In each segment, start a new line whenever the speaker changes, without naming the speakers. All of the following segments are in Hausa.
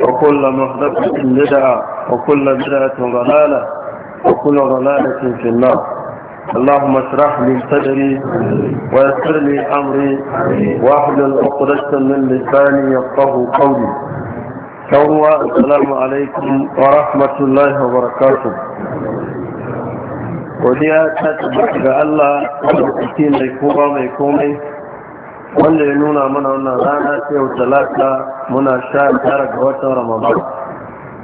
وكل محدثة بدعة وكل بدعة ضلالة وكل ضلالة في النار اللهم اشرح لي صدري ويسر لي امري واحلل عقدة من لساني يفقه قولي شهوة السلام عليكم ورحمة الله وبركاته ودي ta الله ga Allah da wanda ya nuna mana wannan rana ce yau talata muna sha tara ga watan ramadan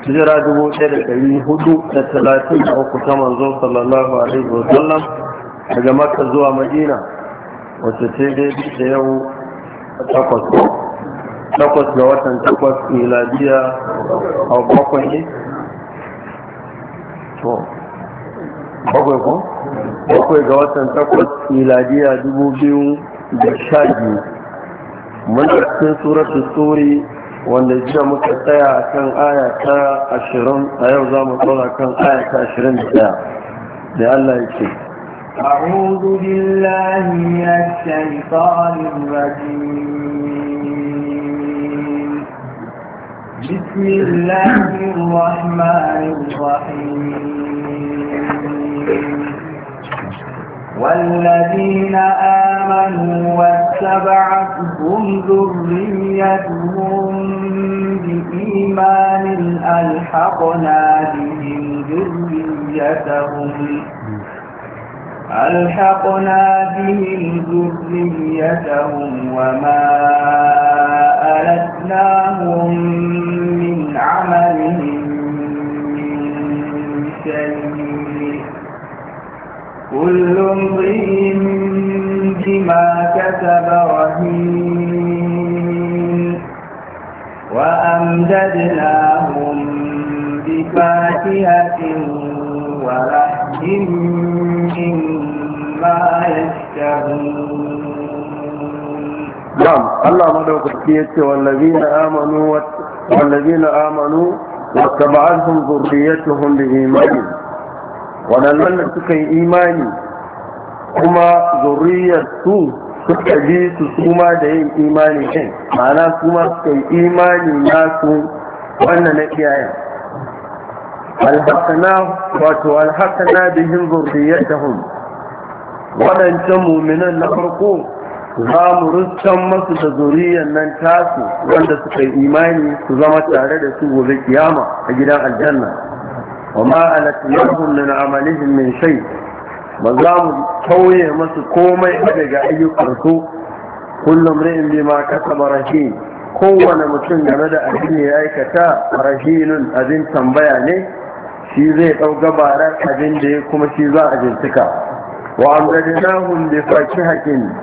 hijira dubu ɗaya da ɗari hudu da talatin da uku ta manzo sallallahu alaihi wa sallam daga maka zuwa madina wacce ce dai da yau takwas takwas ga watan takwas miladiya a bakwai ne to bakwai ko bakwai ga watan takwas miladiya dubu biyu da sha biyu muna cikin suratu suri wanda jiya muka tsaya a kan aya ta ashirin a yau za mu tsora kan aya ta ashirin da ɗaya da Allah ya ce
أعوذ بالله من الشيطان الرجيم بسم الله الرحمن الرحيم والذين آمنوا واتبعتهم ذريتهم بإيمان ألحقنا بهم ذريتهم ألحقنا بهم ذريتهم وما ألتناهم من عملهم من شيء كل امرئ بما كسب رهين وأمددناهم بفاكهة ولحم مما يشتهون نعم
الله مدوكتية والذين آمنوا والذين آمنوا واتبعتهم ذريتهم بإيمان waɗannan da suka yi imani kuma zuriyar su suka bi su suma da yin imani ɗin ma'ana kuma suka yi imani na su wannan na iyayen alhakana wato alhakana bihin hun waɗancan muminan na farko za mu rustan masu da zuriyar nan tasu wanda suka yi imani su zama tare da su gobe kiyama a gidan aljanna وما ألت يدهم من عملهم من شيء مزام كوي مس كومي أدقى أي قرسو كل امرئ بما كسب رهين kowane mutum game da abin ya aikata rahinun abin tambaya ne shi zai ɗau gabarar abin da ya kuma shi za a bincika wa amradinahum bi fakihatin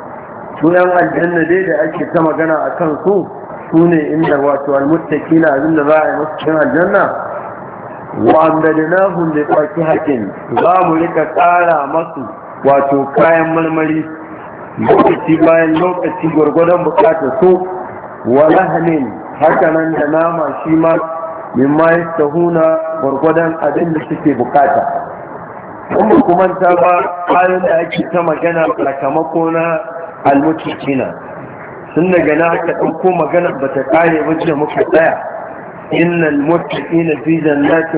su aljanna dai da ake ta magana a kan su sune inda wato almuttaqina abin da za a yi musu cikin aljanna wa'amdadinahun da faki haƙin za mu rika ƙara masu wato kayan marmari lokaci bayan lokaci gwargwadon bukata so wa lahanin hakanan da nama shi ma min ma ta huna gwargwadon abin da suke bukata kuma kuma ta ba kayan da ake ta magana sakamako na almutukina sun daga na aka ɗauko magana ba ta ƙare ba da muka tsaya إن المتقين في جنات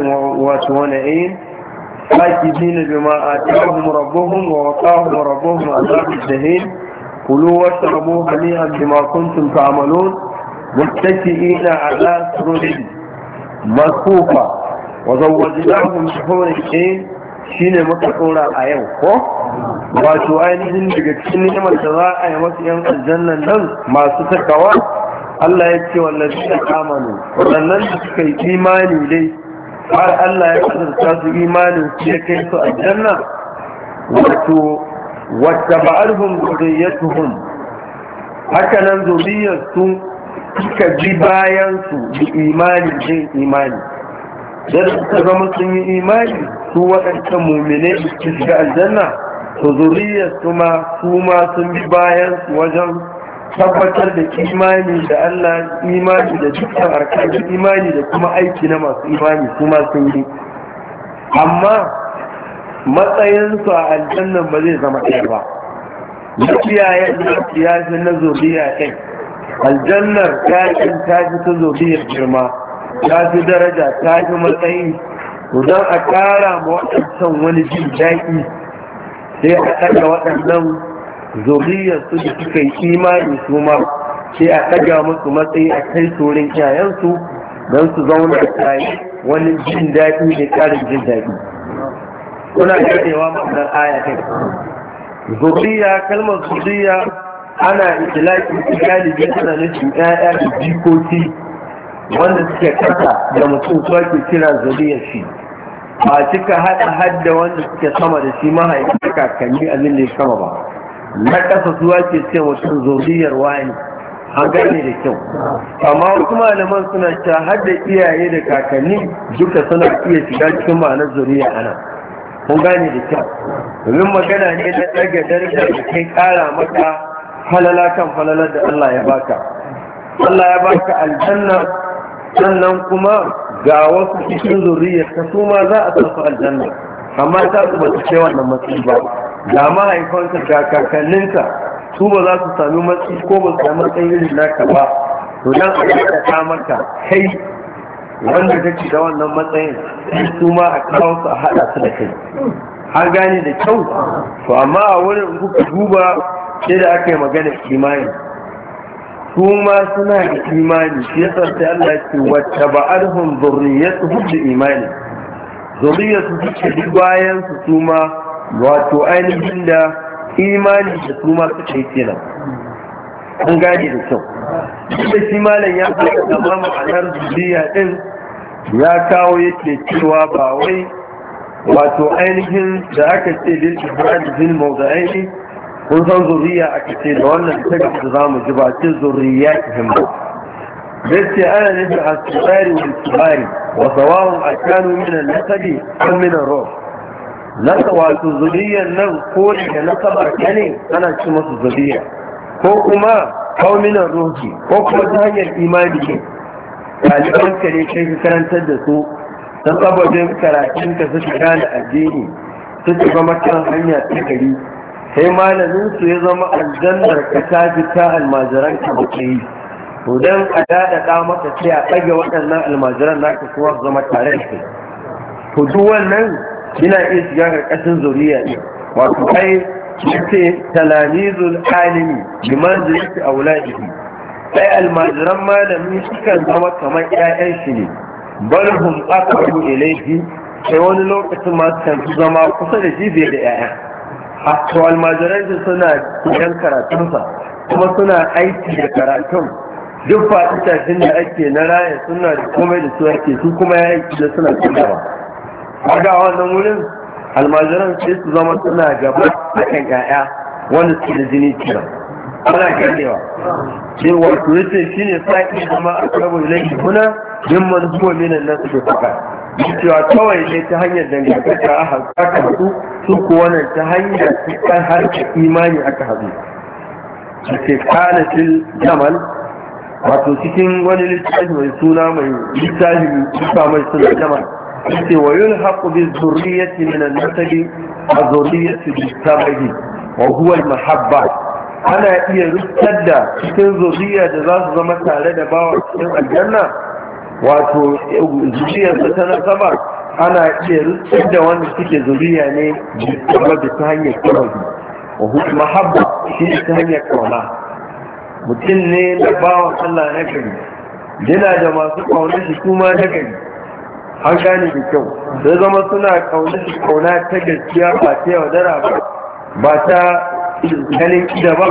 ونعيم فاكدين بما آتاهم ربهم ووقاهم ربهم عذاب الجحيم كلوا واشربوا هنيئا بما كنتم تعملون متكئين على سرر مصفوفة وزوجناهم بحور العين shine muka tsora a yau ko wato ainihin daga cikin ni'imar da za a yi wasu 'yan aljannan nan masu takawa Allah ya ce wallazi da amanu waɗannan da suka yi imani dai har Allah ya azurta su imanin su ya kai su aljanna wato wata ba'arhum zuriyatuhum haka nan zuriyar su suka bi bayan su bi imani jin imani da suka zama sun yi imani su waɗancan mumine su shiga aljanna to zuriyar su ma su ma sun bi bayan su wajen tabbatar da imani da Allah imani da dukkan arkan imani da kuma aiki na masu imani kuma sun yi amma matsayinsu a aljannan ba zai zama ɗaya ba na kiyaye da kiyaye na zuriya ɗin aljannar ƴaƴan ta fi ta zuriyar girma ta fi daraja ta fi matsayi don a ƙara ma waɗancan wani jin daɗi sai a ɗaga waɗannan su da suka yi imani su ma sai a ɗaga musu matsayi a kai sorin 'ya'yansu don su zauna a tsaye wani jin daɗi da ƙarin jin daɗi
kuna ganewa ma'anar aya kai
zuriya kalmar zuriya ana itilaki galibi ana nufin ƴaƴa da jikoki wanda suke kasa da mutum su ake kira zuriyar shi ba cika haɗa hadda wanda suke sama da shi mahaifin kakanni abin da ya sama ba na ƙasa su ke ce mutum zuriyar wani an gane da kyau amma wasu malaman suna cewa har da iyaye da kakanni duka suna iya shiga cikin ma'anar zuriya ana kun gane da kyau domin magana ne na ɗaga darajar da kai ƙara maka halala kan falalar da Allah ya baka Allah ya baka aljanna sannan kuma ga wasu cikin zuriyar ka su ma za a san su aljanna amma ta su ba su ce wannan matsayi ba da mahaifansa da kakanninka su ba za su sami matsi ko ba su sami matsayin irin naka ba to dan a yi ta maka kai wanda ci da wannan matsayin su ma a kawo su a haɗa su da kai an gane da kyau to amma a wurin kuka duba sai da aka yi magana imani su ma suna da kimani, shi yasa sai Allah ce wata ba'arhum zurriyatu hubbi imani zurriyatu su duk bayan su su ma wato ainihin da imani da su ma suka yi kenan an gane da kyau da shi malam ya fi da ma ma'anar zuriya din ya kawo yake cewa ba wai wato ainihin da aka ce da ibrahim bin mawda'aini kun san zuriya aka ce da wannan ta da za mu ji ba ce zuriya nufin himma بس أنا نفع الصغار والكبار وسواء أكانوا من النسب أم من nasa wato zuriyar nan ko da nasabar ka ne ana ci masu zuriya ko kuma kauminan ruhi ko kuma ta hanyar imani ne ɗaliban ka ne kai ka karantar da su Ta sabobin karatun ka shiga gane addini suka zama kan hanya ta gari sai malamin su ya zama aljannar ka ta fi ta almajiran ka da yi to dan a daɗaɗa maka sai a ɗage waɗannan almajiran na kuma zama tare da su. to duk wannan yana iya shiga ƙarƙashin zuriya ne wato kai yace talamizul alimi bi a auladihi sai almajiran malami sukan zama kamar 'ya'yan shi ne bal hum aqrabu ilayhi sai wani lokacin ma su zama kusa da shi da 'ya'ya to almajiran shi suna yan karatunsa kuma suna aiki da karatun duk faɗi tashin da ake na raya suna da komai da su ake su kuma ya aiki da suna kuma kaga a wannan wurin almajiran sai su zama suna gaba akan ƴaƴa wanda suke da jini kira ana kallewa cewa to yace shine sai kuma akrabu ilayhi kuna min man huwa min an-nas bi fakat cewa kawai ne ta hanyar dangantaka a aka haɗu su kuwa nan ta hanyar cikin harkar imani aka haɗu su ke kana cin jamal wato cikin wani littafi mai suna mai littafi mai suna jamal ويلحق بالذرية من النسب الذرية بالتبع وهو المحبة أنا إيا رسد كتن ذرية جزاز زمت على دباوة كتن الجنة وذرية ستنا سبع أنا إيا رسد وان كتن ذرية ني يعني بالتبع بتهاني كتن وهو المحبة كتن تهاني كتن متن ني دباوة الله نكري دينا جماسك وانشي كوما نكري an gane da kyau sai zama suna kauna shi kauna ta gaskiya ba ta yaudara ba ba ta ganin ida ba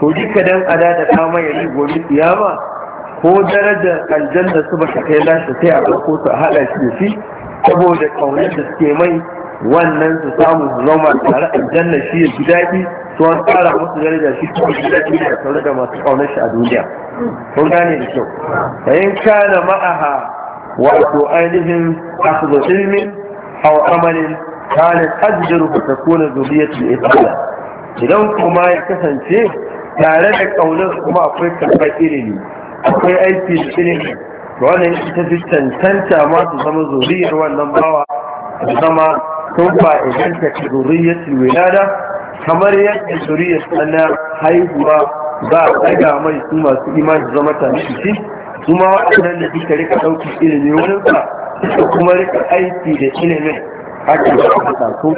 ko duka dan ada da kama ya yi gobe tiyama ko darajar da su ba ta kai lashe sai a ɗauko su a haɗa shi da shi saboda kauna da suke mai wannan su samu zama tare aljanna shi ya ji daɗi su an tsara musu daraja shi su ji daɗi da tare da masu kauna shi a duniya kun gane da kyau bayan kana ma'aha wato ainihin akhdhu ilmin aw amalin kana tajdiru fa takuna zuriyatul islam idan kuma ya kasance tare da kaunar kuma akwai karɓar ilimi akwai aiki da ilimi ita fi cancanta ma su zama zuriyar wannan bawa su zama sun fa'idanta ta zuriyatul wilada kamar yadda zuriyar sana haihuwa za a ɗaga mai su masu imani zama ta da shi kuma waɗannan da suka rika ɗauki ilimi wani ba suka kuma rika aiki da ilimin haka da aka sako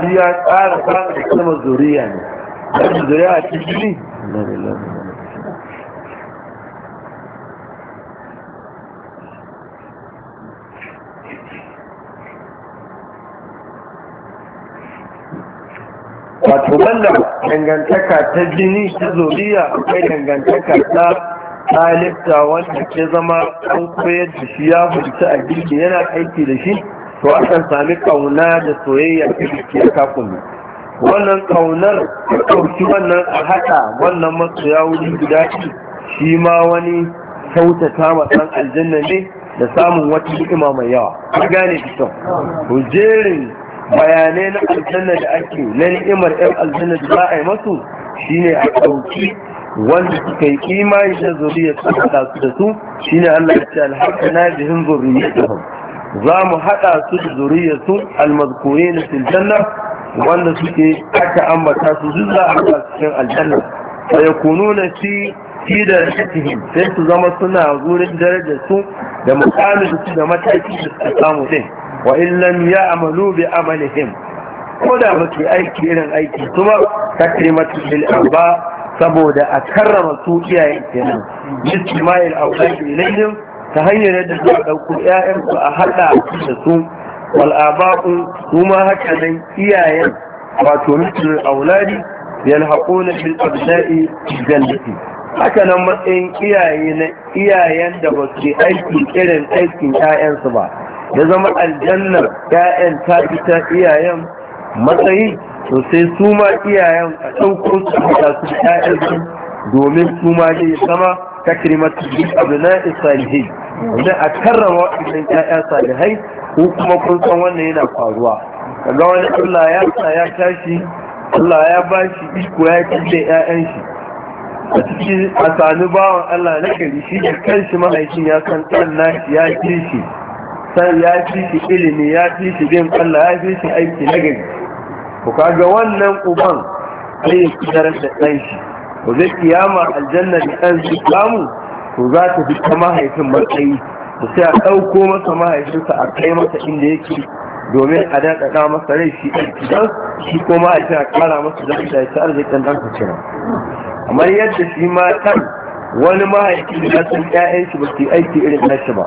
biyu ya tsara tsara da kalmar zuriya ne kalmar zuriya a cikin wato banda dangantaka ta jini ta zuriya akwai dangantaka ta halitta wanda ke zama an koyar da shi ya fahimci a girki yana aiki da shi to akan sami kauna da soyayya ta ke kakumi wannan kaunar ɗauki wannan a haɗa wannan masoya wuri guda shi ma wani kyautata wa ɗan aljanna ne da samun wata hikima mai yawa ka gane kisan to jerin bayanai na aljanna da ake na ni'imar 'yan aljanna da za a yi masu shine a ɗauki wanda suka yi imani da zuriya su haɗa su da su shine Allah ya ce alhaqna bihim zurriyatuhum za mu haɗa su da zuriya su almazkurin fil janna wanda suke aka ambata su duk za a haɗa su cikin aljanna fi fi da rakatihim sai su zama suna gurin darajar su da mukamin su da mataki da suka samu ɗin. wa in lam ya'malu bi amalihim ko da ba su aiki irin aiki kuma takrimatu lil aba saboda a karrama su iyayen kenan ismail na ilayhim ta hanyar da za a ɗauko ƴaƴan su a haɗa da su wal aba'u kuma haka nan iyayen wato mutum auladi yalhaquna bil abna'i jannati haka nan matsayin iyaye na iyayen da ba su aiki irin aikin 'ya'yansu ba ya zama aljannar ƴaƴan ta fita ta iyayen matsayi to sai su ma iyayen a ɗauko su da su ƴaƴansu domin su ma zama sama takrimatu bi abna'i salihai idan a karrama waɗannan ƴaƴa salihai ko kuma kun san wannan yana faruwa kaga wani Allah ya sa ya tashi Allah ya ba shi iko ya kalle ƴaƴan shi a ciki a sami bawan Allah na gari shi da kanshi mahaifin ya san ɗan nashi ya fi shi san ya fi shi ilimi ya fi shi bin Allah ya fi shi aiki na gari ku kaga wannan uban sai ya da ɗanshi, shi ku zai kiyama aljanna da ɗan zai samu ku za ta fi ta mahaifin matsayi ku sai a ɗauko masa mahaifinsa a kai masa inda yake domin a daɗaɗa masa rai shi ɗan kidan shi ko mahaifin a ƙara masa da ya ci arzikin ɗan kacira kamar yadda shi ma ɗan wani mahaifin ya san ƴaƴan ba su aiki irin nashi ba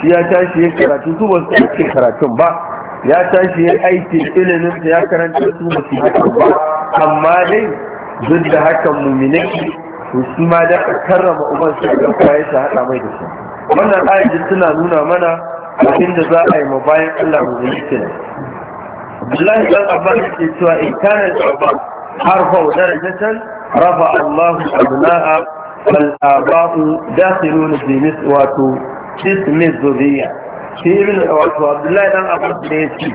shi ya tashi ya karatu su ba su karatun ba ya tashi ya aiki ilimin da ya karanta su masu haka ba amma dai duk da hakan muminai to su ma da karrama uban su da kwaye su haɗa mai da su wannan ayyukan suna nuna mana abin da za a yi ma bayan Allah mu zai kenan Abdullahi dan Abbas ke cewa in kana Abbas harfa darajatan rafa Allahu abna'a fal aba'u dakhilun bi mis wato ismi dhurriyyah shi ibn wato abdullahi dan abbas da ya ce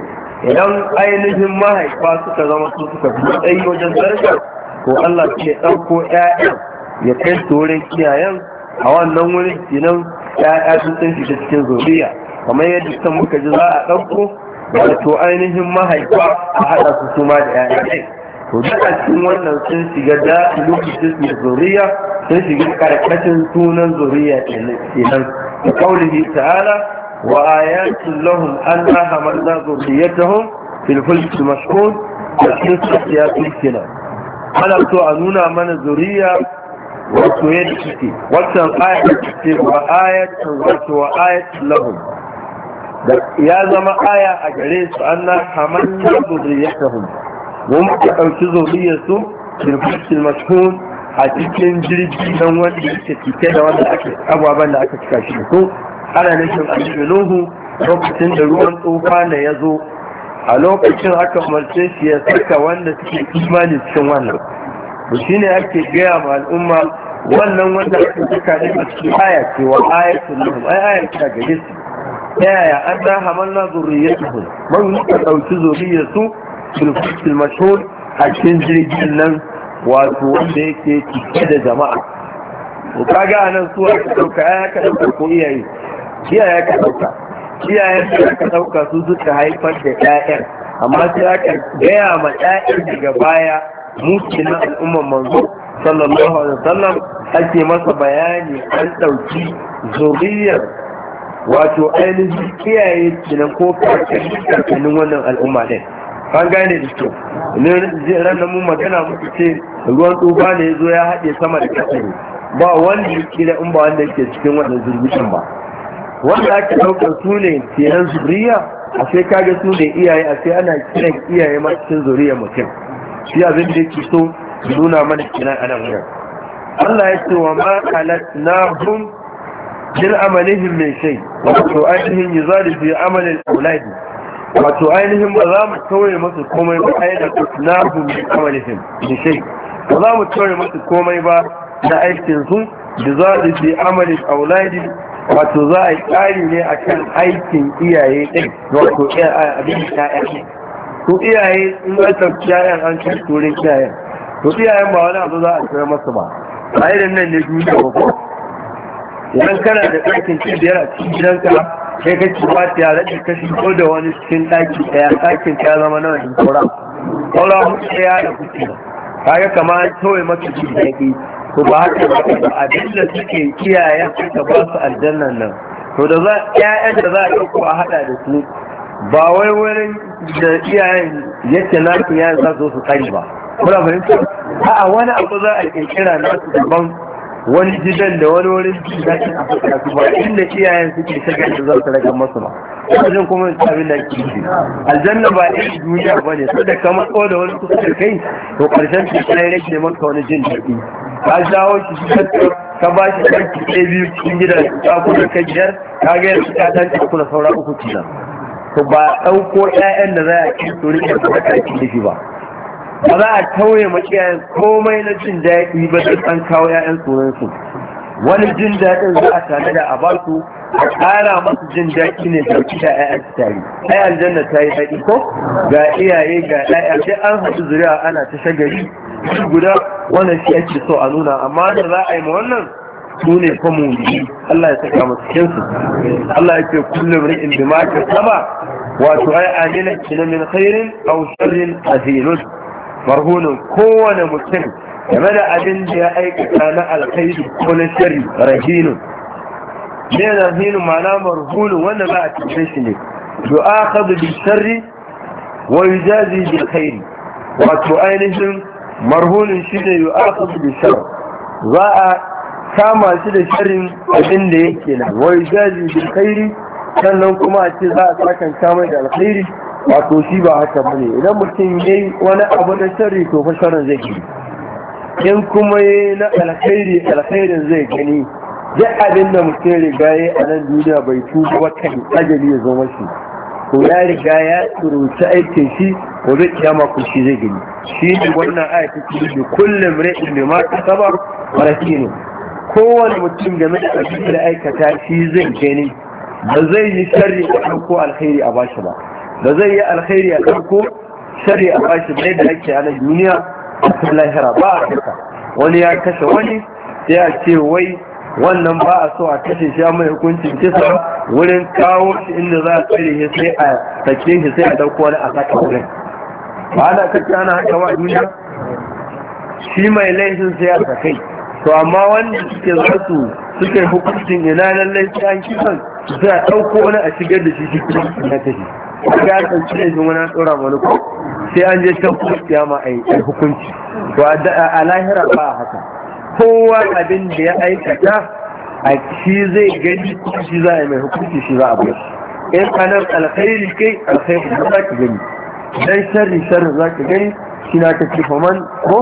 idan ainihin mahaifa suka zama su suka fi matsayi wajen sarka ko allah shi ya ɗauko ƴaƴan ya kai su wurin kiyayen a wannan wurin kinan ƴaƴa sun tsinci ta cikin zuriya kamar yadda kan muka ji za a ɗauko wato ainihin mahaifa a haɗa su suma da ƴaƴa to duk a cikin wannan sun shiga da lokacin su zuriya sun shiga ƙarƙashin sunan zuriya kenan da kaulihi ta'ala وآيات لهم أنا حملنا ذريتهم في الفلك المشحون والقصة يا تلكنا أنا تؤمنون من ذرية وتويتك وكان آية وآية وآية لهم يا زما آية أجريس أنا حملنا ذريتهم ومكا أوكي ذريتهم في الفلك المشحون a cikin jirgin nan wanda yake cike da wanda aka abubuwan da aka cika shi ko ana nufin annabi lokacin da ruwan tsufa ne ya zo a lokacin aka umarce shi ya saka wanda suke imani cikin wannan Ba shi ne ake gaya ma al'umma wannan wanda aka saka ne a cikin aya ce wa ayatul lahum ai aya ta gare su yaya an da hamalna zurriyatuhum mun muka dauki zuriyarsu fil fasil mashhur a cikin jirgin nan wato wanda yake cike da jama'a to kaga anan su aka dauka aya ka dauka ko iyaye kiyaye ka dauka kiyaye da aka su suka haifar da 'ya'yan amma sai aka gaya ma 'ya'yan daga baya mutum na al'ummar manzo sallallahu alaihi wasallam ake masa bayani an ɗauki zuriyar wato ainihin kiyaye kinan ko kakannin wannan al'umma ɗin an gane da kyau ne ranar mun magana muku ce ruwan tsufa ne ya zo ya haɗe sama da kasa ba wanda ya kira in ba wanda ke cikin wannan zurgin ba wanda ake ɗaukar su ne kenan zuriya a sai kaga su ne iyaye a sai ana kiran iyaye ma cikin zuriya mutum shi abin da yake so nuna mana kenan a nan wurin Allah ya ce wa ma alatnahum min amalihim min shay wato ainihin da fi amalin auladi wato ainihin ba za mu tauye musu komai ba alatnahum min amalihim min shai. ba za mu tauye musu komai ba na aikin su da za su yi amalin auladi wato za a yi tsari ne a kan aikin iyaye ɗin wato abin ya ya'yan to iyaye in an tafi ya'yan an kai turin iyayen to iyayen ba wani abu za a kira masu ba a irin nan ne duniya ba ko idan kana da ɗakin ci biyar a cikin gidanka sai ka ci ba ta yare ka shi ko da wani cikin ɗaki ɗaya ɗakin ta zama nawa in kora kora mutu ɗaya da kuke kaga kamar kawai masu jin daɗi Ku ba haka ba abin da suke kiyaye suka ba su aljannan nan to da za ƴaƴan da za a ɗauko a haɗa da su ba wai wurin da iyayen yake na su yayin za su su tsari ba kuna fahimta a'a wani abu za a kirkira nasu daban wani gidan da wani wurin jin daɗin a fuska su ba inda iyayen suke shagar da za su raga masu ba wajen kuma abin da ke yi aljanna ba ɗin duniya ba ne saboda da ka da wani kusa da kai to ƙarshen su ta yi ne maka wani jin daɗi ka jawo shi shi ka ba shi ɗan kiɗe biyu cikin gidan ka kuma ka biyar ka ga su ka ɗan ka kuna saura uku kenan to ba ɗauko 'ya'yan da za a ci su riƙe da ka ba ba za a tauye makiyayen komai na jin daɗi ba duk kawo 'ya'yan sunansu wani jin daɗin za a tare da a basu a ƙara masu jin daɗi ne da wuce 'ya'yan su tare ai aljanna ta yi daɗi ko ga iyaye ga 'ya'ya sai an haɗu zuriya ana ta shagari shi guda wannan shi ake so a nuna amma da za a yi ma wannan su ne fa Allah ya saka masu kinsu Allah ya ce kullum ri'in bi ma ka saba wato ai amina kina min khairin aw sharrin azilun marhunin kowane mutum game da abin da ya aikata na alkhairi ko na shari rahinu ne rahinu ma'ana marhunin wanda ba a cikin shi ne a kazu bi shari wa yujazi bi khairi wato ainihin marhunin shi ne a kazu bi sharri za a kama shi da sharin abin da yake na. wa yujazi bi khairi sannan kuma a ce za a sakanta mai da alkhairi wato shi ba haka bane idan mutum ya yi wani abu na sharri to fa sharrin zai gani in kuma ya na alkhairi alkhairin zai gani duk abin da mutum riga ya a nan duniya bai tuba wata ajali ya zo mashi to ya riga ya tsuruci aikin shi ko zai kiyama ku shi zai gani shi ne wannan aya ta ce da kullum ra'in bi ma ne. kowane mutum game da abin da aikata shi zai gani ba zai yi sharri ko alkhairi a bashi ba Da zai yi alkhairi a ɗauko shari a bashi bai da ake a duniya a lahira ba a haka wani ya kashe wani sai a ce wai wannan ba a so a kashe shi mai hukuncin kisa wurin kawo shi inda za a tsare shi sai a sake shi sai a ɗauko wani a saka wurin ba ana kashe ana haka ba duniya shi mai laifin sai a sakai to amma wanda suke za su suke hukuncin ina lallai sai an kisan sai a ɗauko wani a shigar da shi shi kuma na kashe ga an tsanci da jin wani tsora wani ko sai an je can kuma kiyama a yi hukunci to a lahira ba a haka kowa abin da ya aikata a shi zai gani shi za a mai hukunci shi za a bai in kanar alkhairi kai alkhairi da za ki gani dan sharri sharri za ki gani shi na ta kifa man ko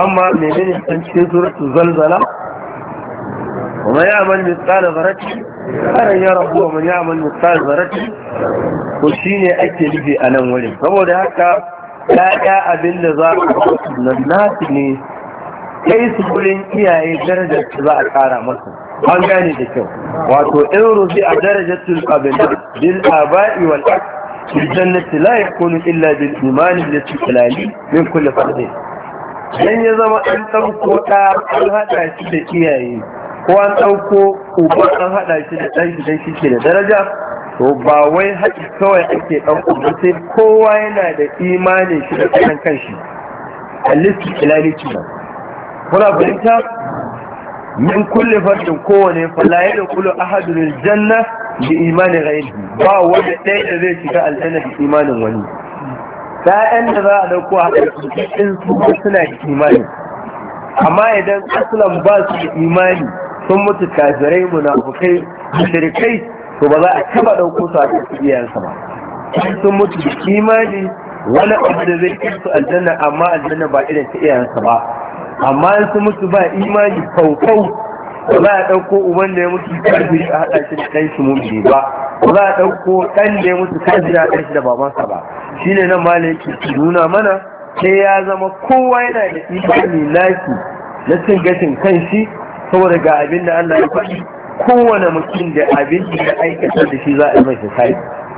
amma menene san cikin suratul zalzala ومن يعمل مثقال ذرة خيرا يره ومن يعمل مثقال ذرة ko shine في rufe a nan wurin saboda haka ya'ya abin da za na nasu ne kai su wurin iyaye darajar su za a kara masu an gane da kyau wato in rufi a darajar su abin bil aba'i wal da الجنة لا يكون إلا بالإيمان التي تلالي من كل zama لن يزم أن تنقوطا أن هذا da إياه ko an ɗauko uba an haɗa shi da ɗan shi shi ke da daraja to ba wai haƙi kawai ake ɗauko ba sai kowa yana da imanin shi da kan kanshi alisti ilani kina kuna fahimta min kulle fardin kowane fala ya da ahadu ahadun janna da imanin ghairi ba wanda ɗaya da zai shiga aljanna da imanin wani ɗayan da za a ɗauko a ɗauki su suna da imani amma idan asalin ba su da imani sun mutu kafirai munafukai mushrikai to ba za a taba ɗauko su a cikin iyayensa ba sun mutu da imani wani abu da zai kai su aljanna amma aljanna ba irin ta iyayensa ba amma in sun mutu ba imani kaukau ba za a ɗauko uban da ya mutu kafiri a haɗa shi da ɗan shi mummi ba ba za a ɗauko ɗan da ya mutu kafiri a haɗa shi da babansa ba shine nan malam yake nuna mana sai ya zama kowa yana da imani naki na cin gashin kan shi saboda ga abin da Allah ya faɗi kowane mutum da abin da ya aikata da shi za a yi mai sai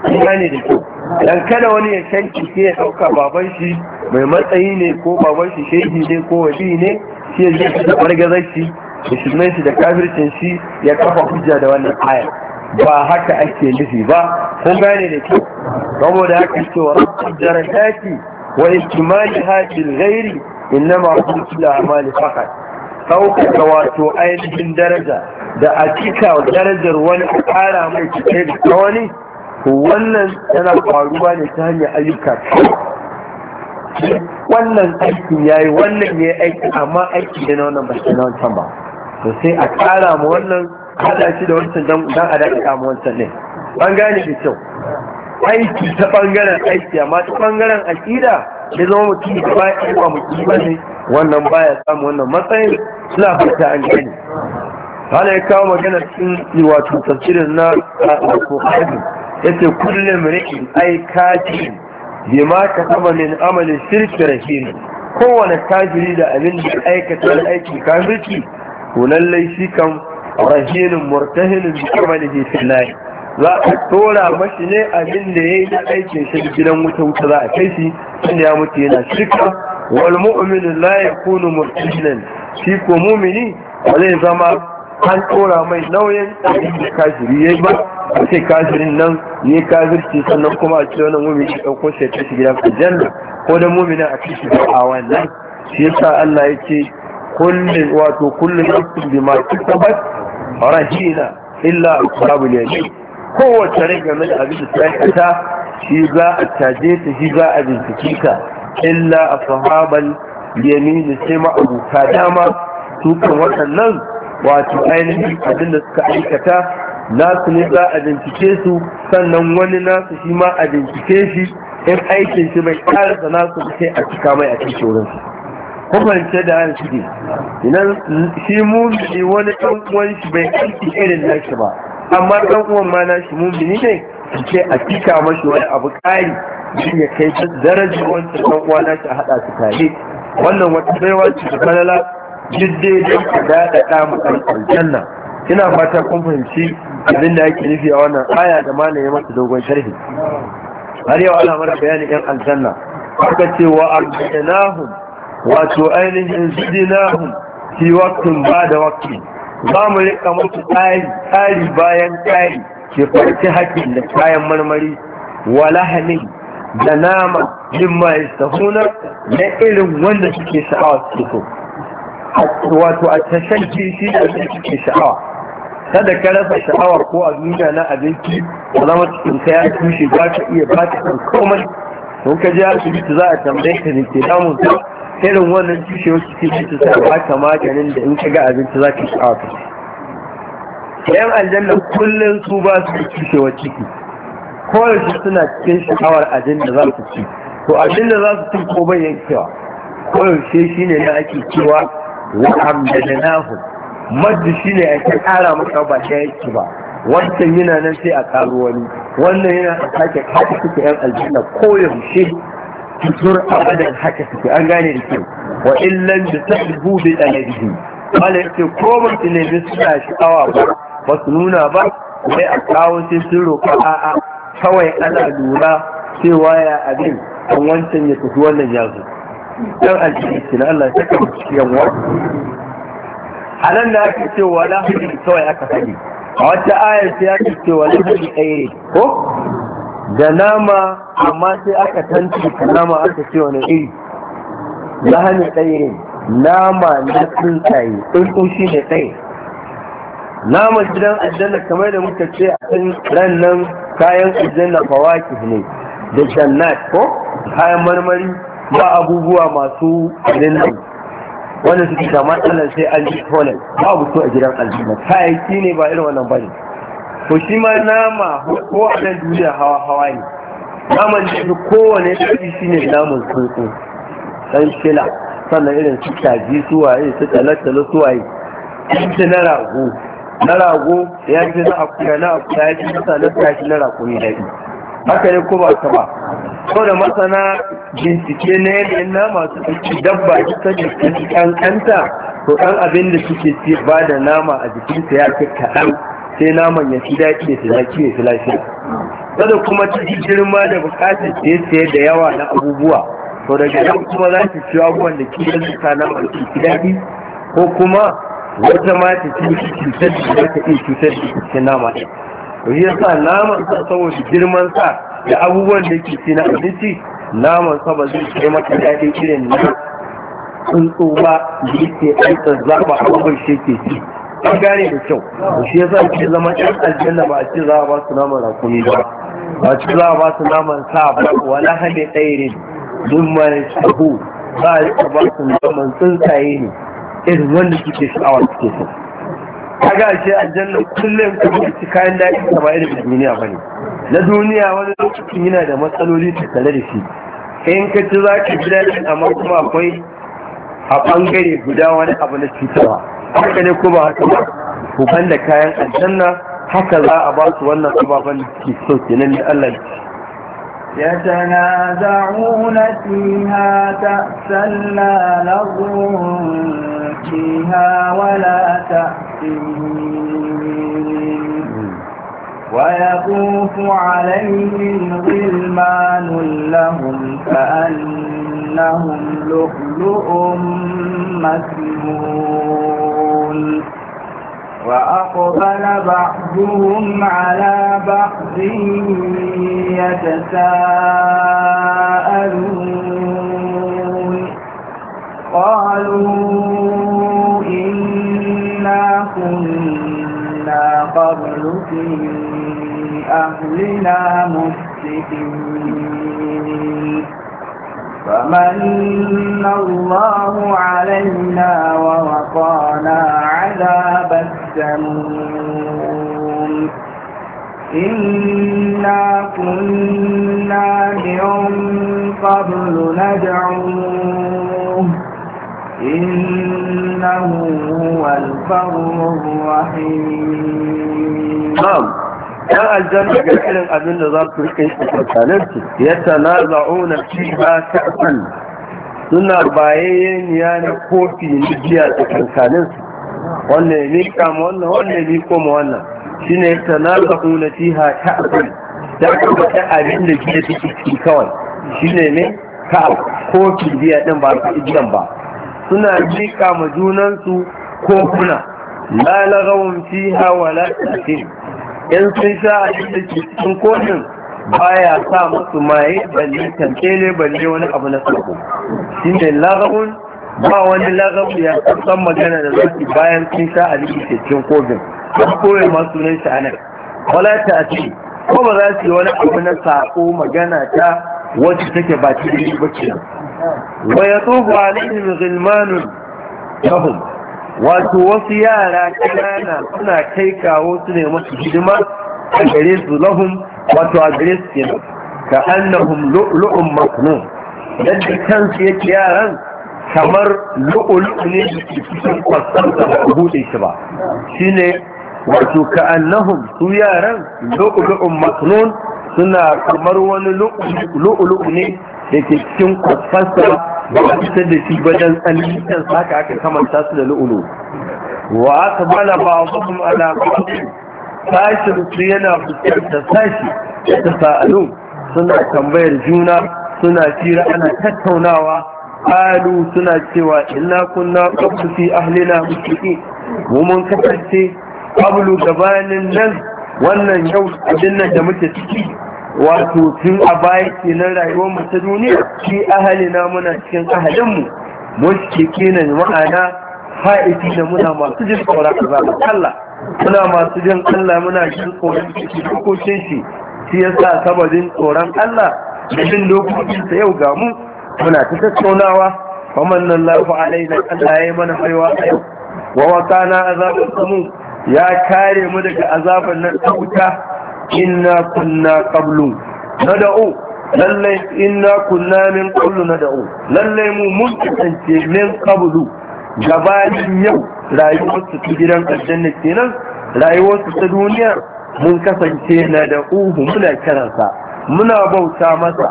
kun gane da kyau dan kada wani ya canci sai ya ɗauka baban shi mai matsayi ne ko baban shi shehi ne ko wabi ne shi ya ji da ɓargazar shi da shi da kafircin shi ya kafa hujja da wannan aya ba haka ake nufi ba kun gane da kyau saboda haka cewa rabbul darajati wa ikmali hadil ghairi innama kullu a'mali faqat ɗaukaka wato ainihin daraja da a cika darajar wani a ƙara mai cike da ta wani wannan yana faruwa ne ta hanyar ayyuka wannan aiki ya yi wannan ya yi aiki amma aiki da na wannan bashi na wancan ba to sai a ƙara ma wannan haɗa shi da wancan don a daɗa kama wancan ne ɓangare da kyau aiki ta ɓangaren aiki amma ta ɓangaren aƙida ya zama mutum da ba ya ba mutum ba ne wannan ba ya samu wannan matsayin suna fata an gani hala ya kawo magana cikin wato tafsirin na al-bukhari yace kullum ri'in ai kaji bima ka saba min amalin shirki rahim kowane kajiri da abin da aikata aiki kafirci to lallai shi kan rahinin murtahinin bi amalihi fillahi za a tora mashi ne abin da ya yi na aikin shi gidan wuta wuta za a kai shi inda ya mutu yana shirka wal mu'min la yakunu mu'minan shi ko mu'mini ba zai zama an tora mai nauyin abin da kafiri yayi ba a ce kafirin nan ne kafirci sannan kuma a cewa nan mu'mini ɗauko sai ta shi gidan aljanna ko da mu'minin a kishi da a wannan shi yasa Allah ya ce kullum wato kullum nafsin bima kasabat rahina illa ashabul yamin kowace rai game da abin da ta aikata shi za a caje ta shi za a bincike ta illa a sahaban da sai ma'abuta dama tukan waɗannan wato ainihin abin da suka aikata nasu ne za a bincike su sannan wani nasu shi ma a bincike shi in aikin shi bai karasa nasu sai a cika mai a cikin su hukunce da hannu shi ne shi mummi wani ɗan uwan shi bai aiki irin nashi ba amma ɗan uwan ma na shi mumini ne ce a cika mashi wani abu ƙari shi ya kai ta darajar wancan ɗan uwa na shi a haɗa su tare wannan wata baiwa ce da falala duk daidai ka daɗaɗa mu ɗan aljanna ina fata kun fahimci abin da yake nufi a wannan aya da yi masa dogon sharhi har yau ana mara bayanin yan aljanna aka ce wa arjanahum wato ainihin zidinahum fi waqtin ba da waqtin za mu rika mutu tsari tsari bayan tsari ke farci haƙƙin da kayan marmari walahanin da nama jin mai sahuna na irin wanda suke sha'awa suke so wato a tashan kishi da suke sha'awa kada ka rasa sha'awa ko a duniya na abinci da zama cikin ka ya tushe ba ka iya ba ka kan komai ko ka je asibiti za a tambaye ka ne ke damun ka irin wannan cushewar ciki su sa ba ka maganin da in ka ga abinci za ka sha'a ka yan aljanna kullum su ba su da cushewar ciki kowace suna cikin sha'awar abin da za su ci to abin da za su ci ko bai yankewa koyaushe shi ne na ake cewa wa'amdadanahu maddu shi ne ake ƙara maka ba ta yanki ba wancan yana nan sai a ƙaru wani wannan yana sake haka suke yan aljanna koyaushe tur abadan haka suke an gane da kyau wa illan bi tahbu bi alabihi wala yake ko ba su nemi suna sha'awa ba ba su nuna ba sai a kawo sai sun roƙa a'a kawai ana lura cewa ya abin an wancan ya tafi wannan ya zo dan aljihi na Allah ya saka mu cikin wa anan da ake cewa lahadi kawai aka sani a wata ayar sai ake cewa lahadi ɗaya ko da nama amma sai aka tantance nama aka ce wani iri lahani tsaye nama na tsuntsaye tsuntsun shi ne tsaye nama gidan aljanna kamar da muka ce a kan rannan kayan kayan aljanna fawaki ne da jannat ko kayan marmari ba abubuwa masu nan wanda suke da matsalar sai an ji tonal babu su a gidan aljanna kayayyaki ne ba irin wannan bane ko shi ma nama ko a nan duniya hawa hawa ne naman da shi kowane tsari shi ne naman tsuntsu ɗan shila sannan irin su kaji yi su talatalo suwaye shi na rago na rago ya ji na akuya na akuya ya ji masa na tashi na rago ne daɗi haka ne ko ba ta ba ko da masana bincike na yanayin nama su ɗauki dabba su sanya kankanta to ɗan abin da suke ci ba da nama a jikinsa ya fi kaɗan sai naman ya fi daɗi da zaki ya fi lafiya kada kuma ta ji girma da bukatar sai sai da yawa na abubuwa to daga nan kuma za su ci abubuwan da kila ta na masu fi daɗi ko kuma wata ma ta ci cutar da za ta iya cutar da ke nama ɗin to shi yasa naman sa saboda girman sa da abubuwan da ke cina abinci naman sa ba zai kai maka daɗi irin na tsuntsu ba da yake aikata zaɓa abubuwan shi ke ci an gane da kyau shi yasa ke zama ɗan aljanna ba a ce za a ba su naman rakuni ba ba a ce za a ba su naman sa ba wala hade ɗairin dun mai shahu za a yi ba su naman tsuntsaye ne irin wanda suke sha'awa suke so ga ce aljanna kullum ka ci kayan daɗi ba irin duniya ba ne na duniya wani lokacin yana da matsaloli tattare da shi in ka ci za ka ji daɗin amma kuma akwai a ɓangare guda wani abu na cutarwa haka ne ko ba haka ba da kayan aljanna haka za a ba su wannan ababen da ke so kenan da Allah
يتنازعون فيها تأسا لا لغو فيها ولا تأثيم ويطوف عليهم غلمان لهم كأنهم لهم لؤلؤ مكنون وأقبل بعضهم على بعض يتساءلون قالوا إنا كنا قبل في أهلنا مشركين فمن الله علينا ووقانا عذاب السموم إنا كنا من قبل ندعوه إنه هو البر الرحيم نعم. yan aljanna ga irin abin da za su rike shi
tsakaninsu ya tanaza'una fi ba ka'san suna ya na kofi na biya tsakaninsu wanda ya mika ma wannan wanda ya miko ma wannan shine ya tanaza'una fi ha ka'san da kuma ta abin da ke ciki kawai shine ne ka kofi biya din ba su igiyan ba suna mika ma junansu kofuna la lagawun fiha wala tasim in sun sha a da ke cikin kotun baya sa masu maye balle tantele balle wani abu na sako shi ne lagabun ba wani lagabun ya san magana da su bayan sun sha a da cikin kotun don kore masu ne shi anan wala ta ce ko ba za su yi wani abu na sako magana ta wacce take ba ta ba kenan wa ya tsofa alaihim ghilmanun lahum wato wasu yara kanana suna kai kawo su ne masu hidima a gare su lahum wato a gare su kenan ka annahum lu'lu'un maknun yadda kansu yake yaran kamar lu'lu'u ne da ke cikin kwasar da ba bude shi ba shine wato ka annahum su yaran lu'lu'un maknun suna kamar wani lu'lu'u ne da ke cikin kwasar ba a fitar da shi ba dan saka aka kamanta su da lu'ulu wa aka bala ba wa kuma ala sashin su yana da sashi da sa'adu suna tambayar juna suna tira ana tattaunawa alu suna cewa ina kunna qablu fi ahlina mushriki mu mun kasance qablu gabanin nan wannan yau abin nan da muke ciki wato tun a baya kenan rayuwar mu ta duniya shi na muna cikin ahalinmu mushkiki kenan ma'ana fa'idi da muna masu jin tsoron azabar Allah muna masu jin Allah muna jin tsoron shi hukuncin shi shi sa sabadin tsoron Allah da jin sa yau ga mu muna ta tattaunawa faman nan lafi alaina Allah ya yi mana haiwa a yau wa wakana azabar samu ya kare mu daga azabar nan ta wuta inna kunna qablu nad'u lallai inna kunna min qablu nad'u lallai mu mun kasance min qablu gabanin yau rayuwar su ta gidan aljanna kenan rayuwar su ta duniya mun kasance na da uhu muna kiransa muna bauta masa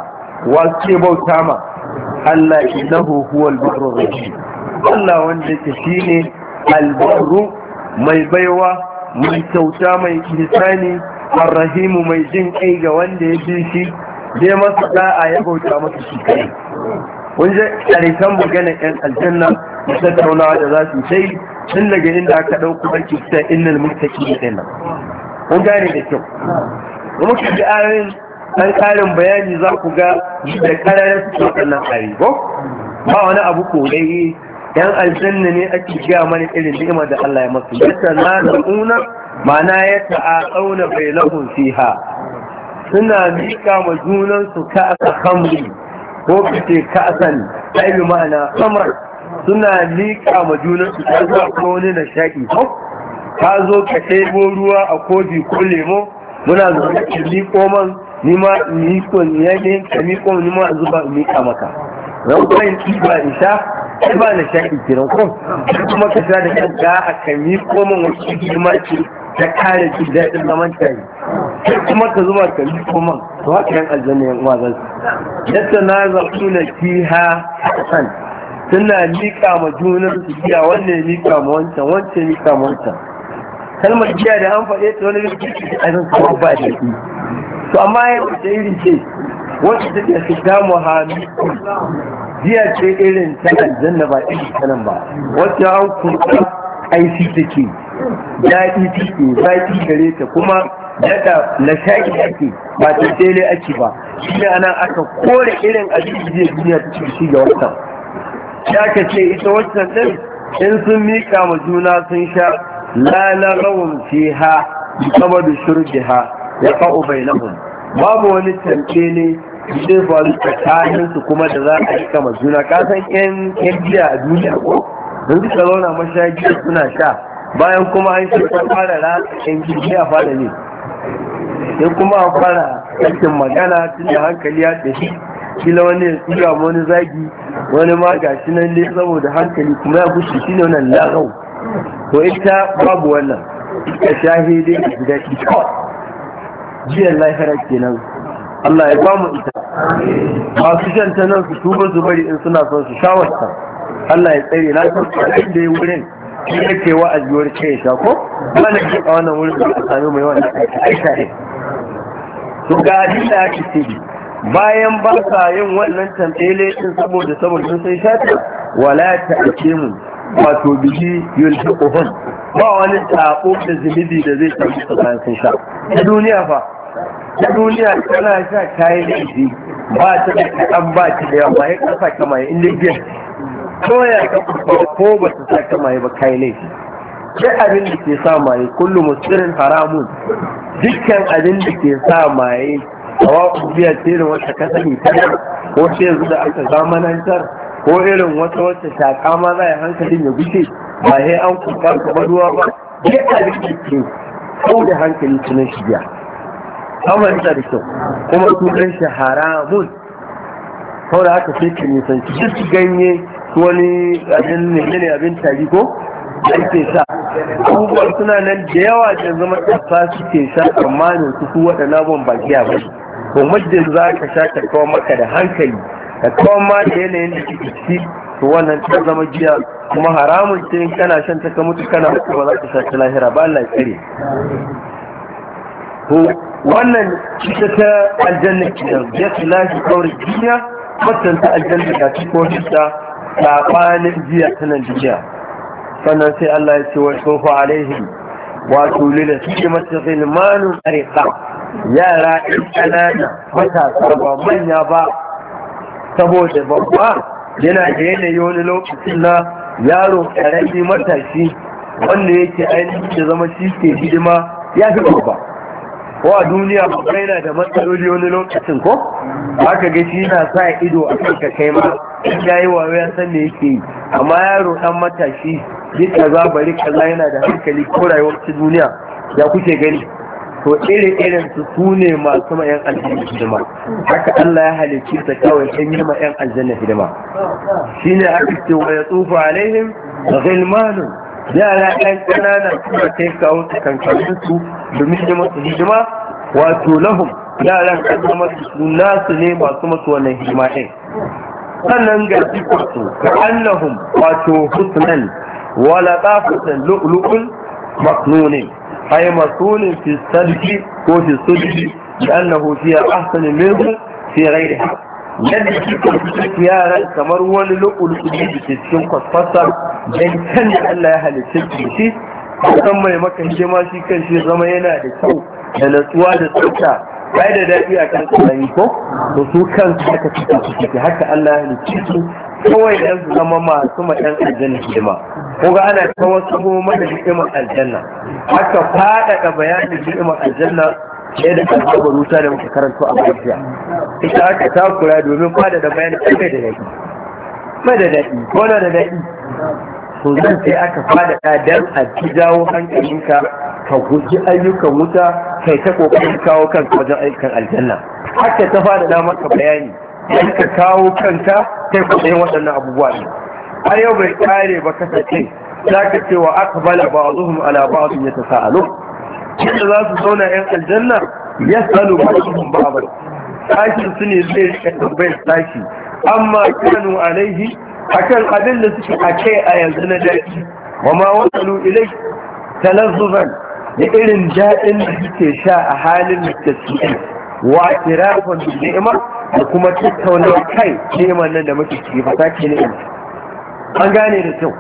wa bauta ma Allah innahu huwal barru rahim Allah wanda yake shine albarru mai baiwa mai kyauta mai ihsani arrahimu mai jin kai ga wanda ya bi shi dai masu da'a ya bauta masu shi kai kun je ƙarshen maganar ƴan aljanna da tattaunawa da za su sai tun daga inda aka ɗauko barki ta innal mutaki da nan kun gane da kyau da muka ji ayoyin ɗan ƙarin bayani za ku ga da ƙararar su waɗannan ayoyi ko ba wani abu ko dai ƴan aljanna ne ake gaya mana irin ni'ima da Allah ya masu yadda na da mana ya bai bainahum fiha suna mika ma junan su ka'asa khamri ko fice ka ai bi ma'ana samar. suna mika ma junan su zuwa ko wani na shaƙi. ko ka zo ka ɗebo ruwa a kofi ko lemo muna zuwa ka miko man ni ma miko ya ne ka miko ni ma zuba mika maka ran ko ba in sha ba na shaƙi kiran ko kuma ka sha da kanka a ka miko man wasu hidima ce ta kare shi daɗin zaman tare sai kuma ka zuba ka yi kuma to haka yan aljanna yan uwa zan yadda na zaɓu na fiha hasan suna miƙa ma junan su giya wannan ya miƙa ma wancan wancan ya miƙa ma wancan kalmar giya da an faɗe ta wani rikici a zan kuma ba da shi to amma ya ce irin ce wacce ke su damu muhammi jiya ce irin ta aljanna ba irin nan ba wacce an kurɓa aiki take daɗi take zaƙi gare ta kuma na shaƙi ake ba ta daidai ake ba shi ne ana aka kore irin abin da zai duniya ta ce shi ga ya ka ce ita wancan ɗin in sun mika ma juna sun sha lana rawan da saboda ha ya na hun babu wani tamke ne zai faru tsakanin su kuma da za a rika juna. kasan yan yan a duniya ko sun suka zauna suna sha bayan kuma an ce ta fara ratsin sai a fara ne sai kuma a fara aikin magana tun da hankali ya tafi kila wani ya tsira, wani zagi wani ma gashi nan ne saboda hankali kuma ya gushi shi ne wannan lagau to ita babu wannan ita shahidai a gida shi kawai jiyan lahira kenan Allah ya ba mu ita masu janta nan su tuba zubari in suna son su shawarta Allah ya tsare na san da ya wurin shi yake wa wani kai ya sha ko wani ke a wannan wurin da aka sami mai wannan aisha ne to ga abin da ake ce bayan ba sa yin wannan tambaye din saboda saboda sun sai shata wala ta ake mu wato biki yulhiquhum ba wani sako da zunubi da zai tafi tsakanin sun sha ta duniya fa ta duniya tana sha kayan laifi ba ta da kaɗan ba ta da yawa ya ƙasa kama ya inda biyar koya ka ko ba su sa ka maye ba kai ne. duk abin da ke sa maye kullum musirin haramun dukkan abin da ke sa maye hawa ku biya da wata ka sani ta ko sai yanzu da aka zamanantar ko irin wata wata shaka ma za a hankalin ya gushe ba sai an kuka ka ruwa ba duk abin da ke ko da hankali shi shiga amma da kyau kuma tukan shi haramun saboda haka sai ka nisanci duk ganye wani abin ne abin tari ko da ake sa abubuwan suna nan da yawa da zama ƙasa suke sha tsammanin su waɗanda abubuwan ba a ba to majin za ka sha ta kawo maka da hankali ka kawo ma da yanayin da ke ciki to wannan ta zama giya kuma haramun ce in kana shan ta ka mutu kana mutu ba za ka sha ta lahira ba Allah ya tsare to wannan ita ta aljanna kenan ya fi lafi kawar duniya ta aljanna ga cikin wata saɓanin jiya ta nan sannan sai Allah ya ce wa tsofa alaihim wato lila suke masu zilmanin arika yara in ƙanana matasa ba manya ba saboda babba yana da yanayi wani lokacin na yaro ƙarami matashi wanda yake ainihin da zama shi ke hidima ya fi babba ko a duniya ba yana da matsaloli wani lokacin ko aka ga shi na sa ido a kan kai ma ya yi wa ya san me yake yi amma yaro dan matashi duk kaza bari kaza yana da hankali ko rayuwar ta duniya ya kuke gani to irin irin su su ne masu ma yan aljanna hidima haka Allah ya halicci ta kawai kan yi ma yan aljanna hidima shine aka ce wa ya tsufa alaihim ghilmanun yara ɗan ƙananan suna kai kawo su kankanin su domin yi masu hijima, wato lahum yaran an zama su nasu ne masu masu wannan hidima ɗin sannan ga jikinsu ka annahum wato husnan wala tsafatan lu'lu'un maknunin ay masunin fi salki ko fi sulki da annahu fiya ahsanin minhu fi ghairi yadda kika yaran kamar wani lokulu ne da ke cikin kwasfasa don kan Allah ya halitta ki shi kan mai maka ma shi kan shi zama yana da kyau da natsuwa da tsafta bai da daɗi a kan tsanani ko da su kansu haka suke ciki haka Allah ya halitta ki kawai ɗan zama masu ma ɗan aljanna hidima ko ga ana kawai wasu kuma mana aljanna haka faɗaɗa bayanin hidimar aljanna ɗaya da al'abar wuta da muka karanto a bajiya ita aka takura domin fada da bayan ɗan da daɗi mai da daɗi ko da daɗi to zan sai aka fada ɗadan a ji jawo hankalinka ka guji ayyukan wuta kai ta kokarin kawo kanka wajen ayyukan aljanna haka ta fada da maka bayani dan ka kawo kanka kai kuɗin waɗannan abubuwa ne har yau bai kare ba kasance zaka ka ce wa aka bala ba'azuhum ala sa ya yadda za su zauna yan aljanna ya salu ba su ba ba su ne zai rika tambayar tashi amma kanu alaihi akan abin da suke akai a yanzu na daɗi wa ma wasalu ilai talazzuban da irin daɗin da suke sha a halin da suke wa kirafan da ni'ima da kuma tattaunawa kai neman nan da muke ciki fa sake an gane da kyau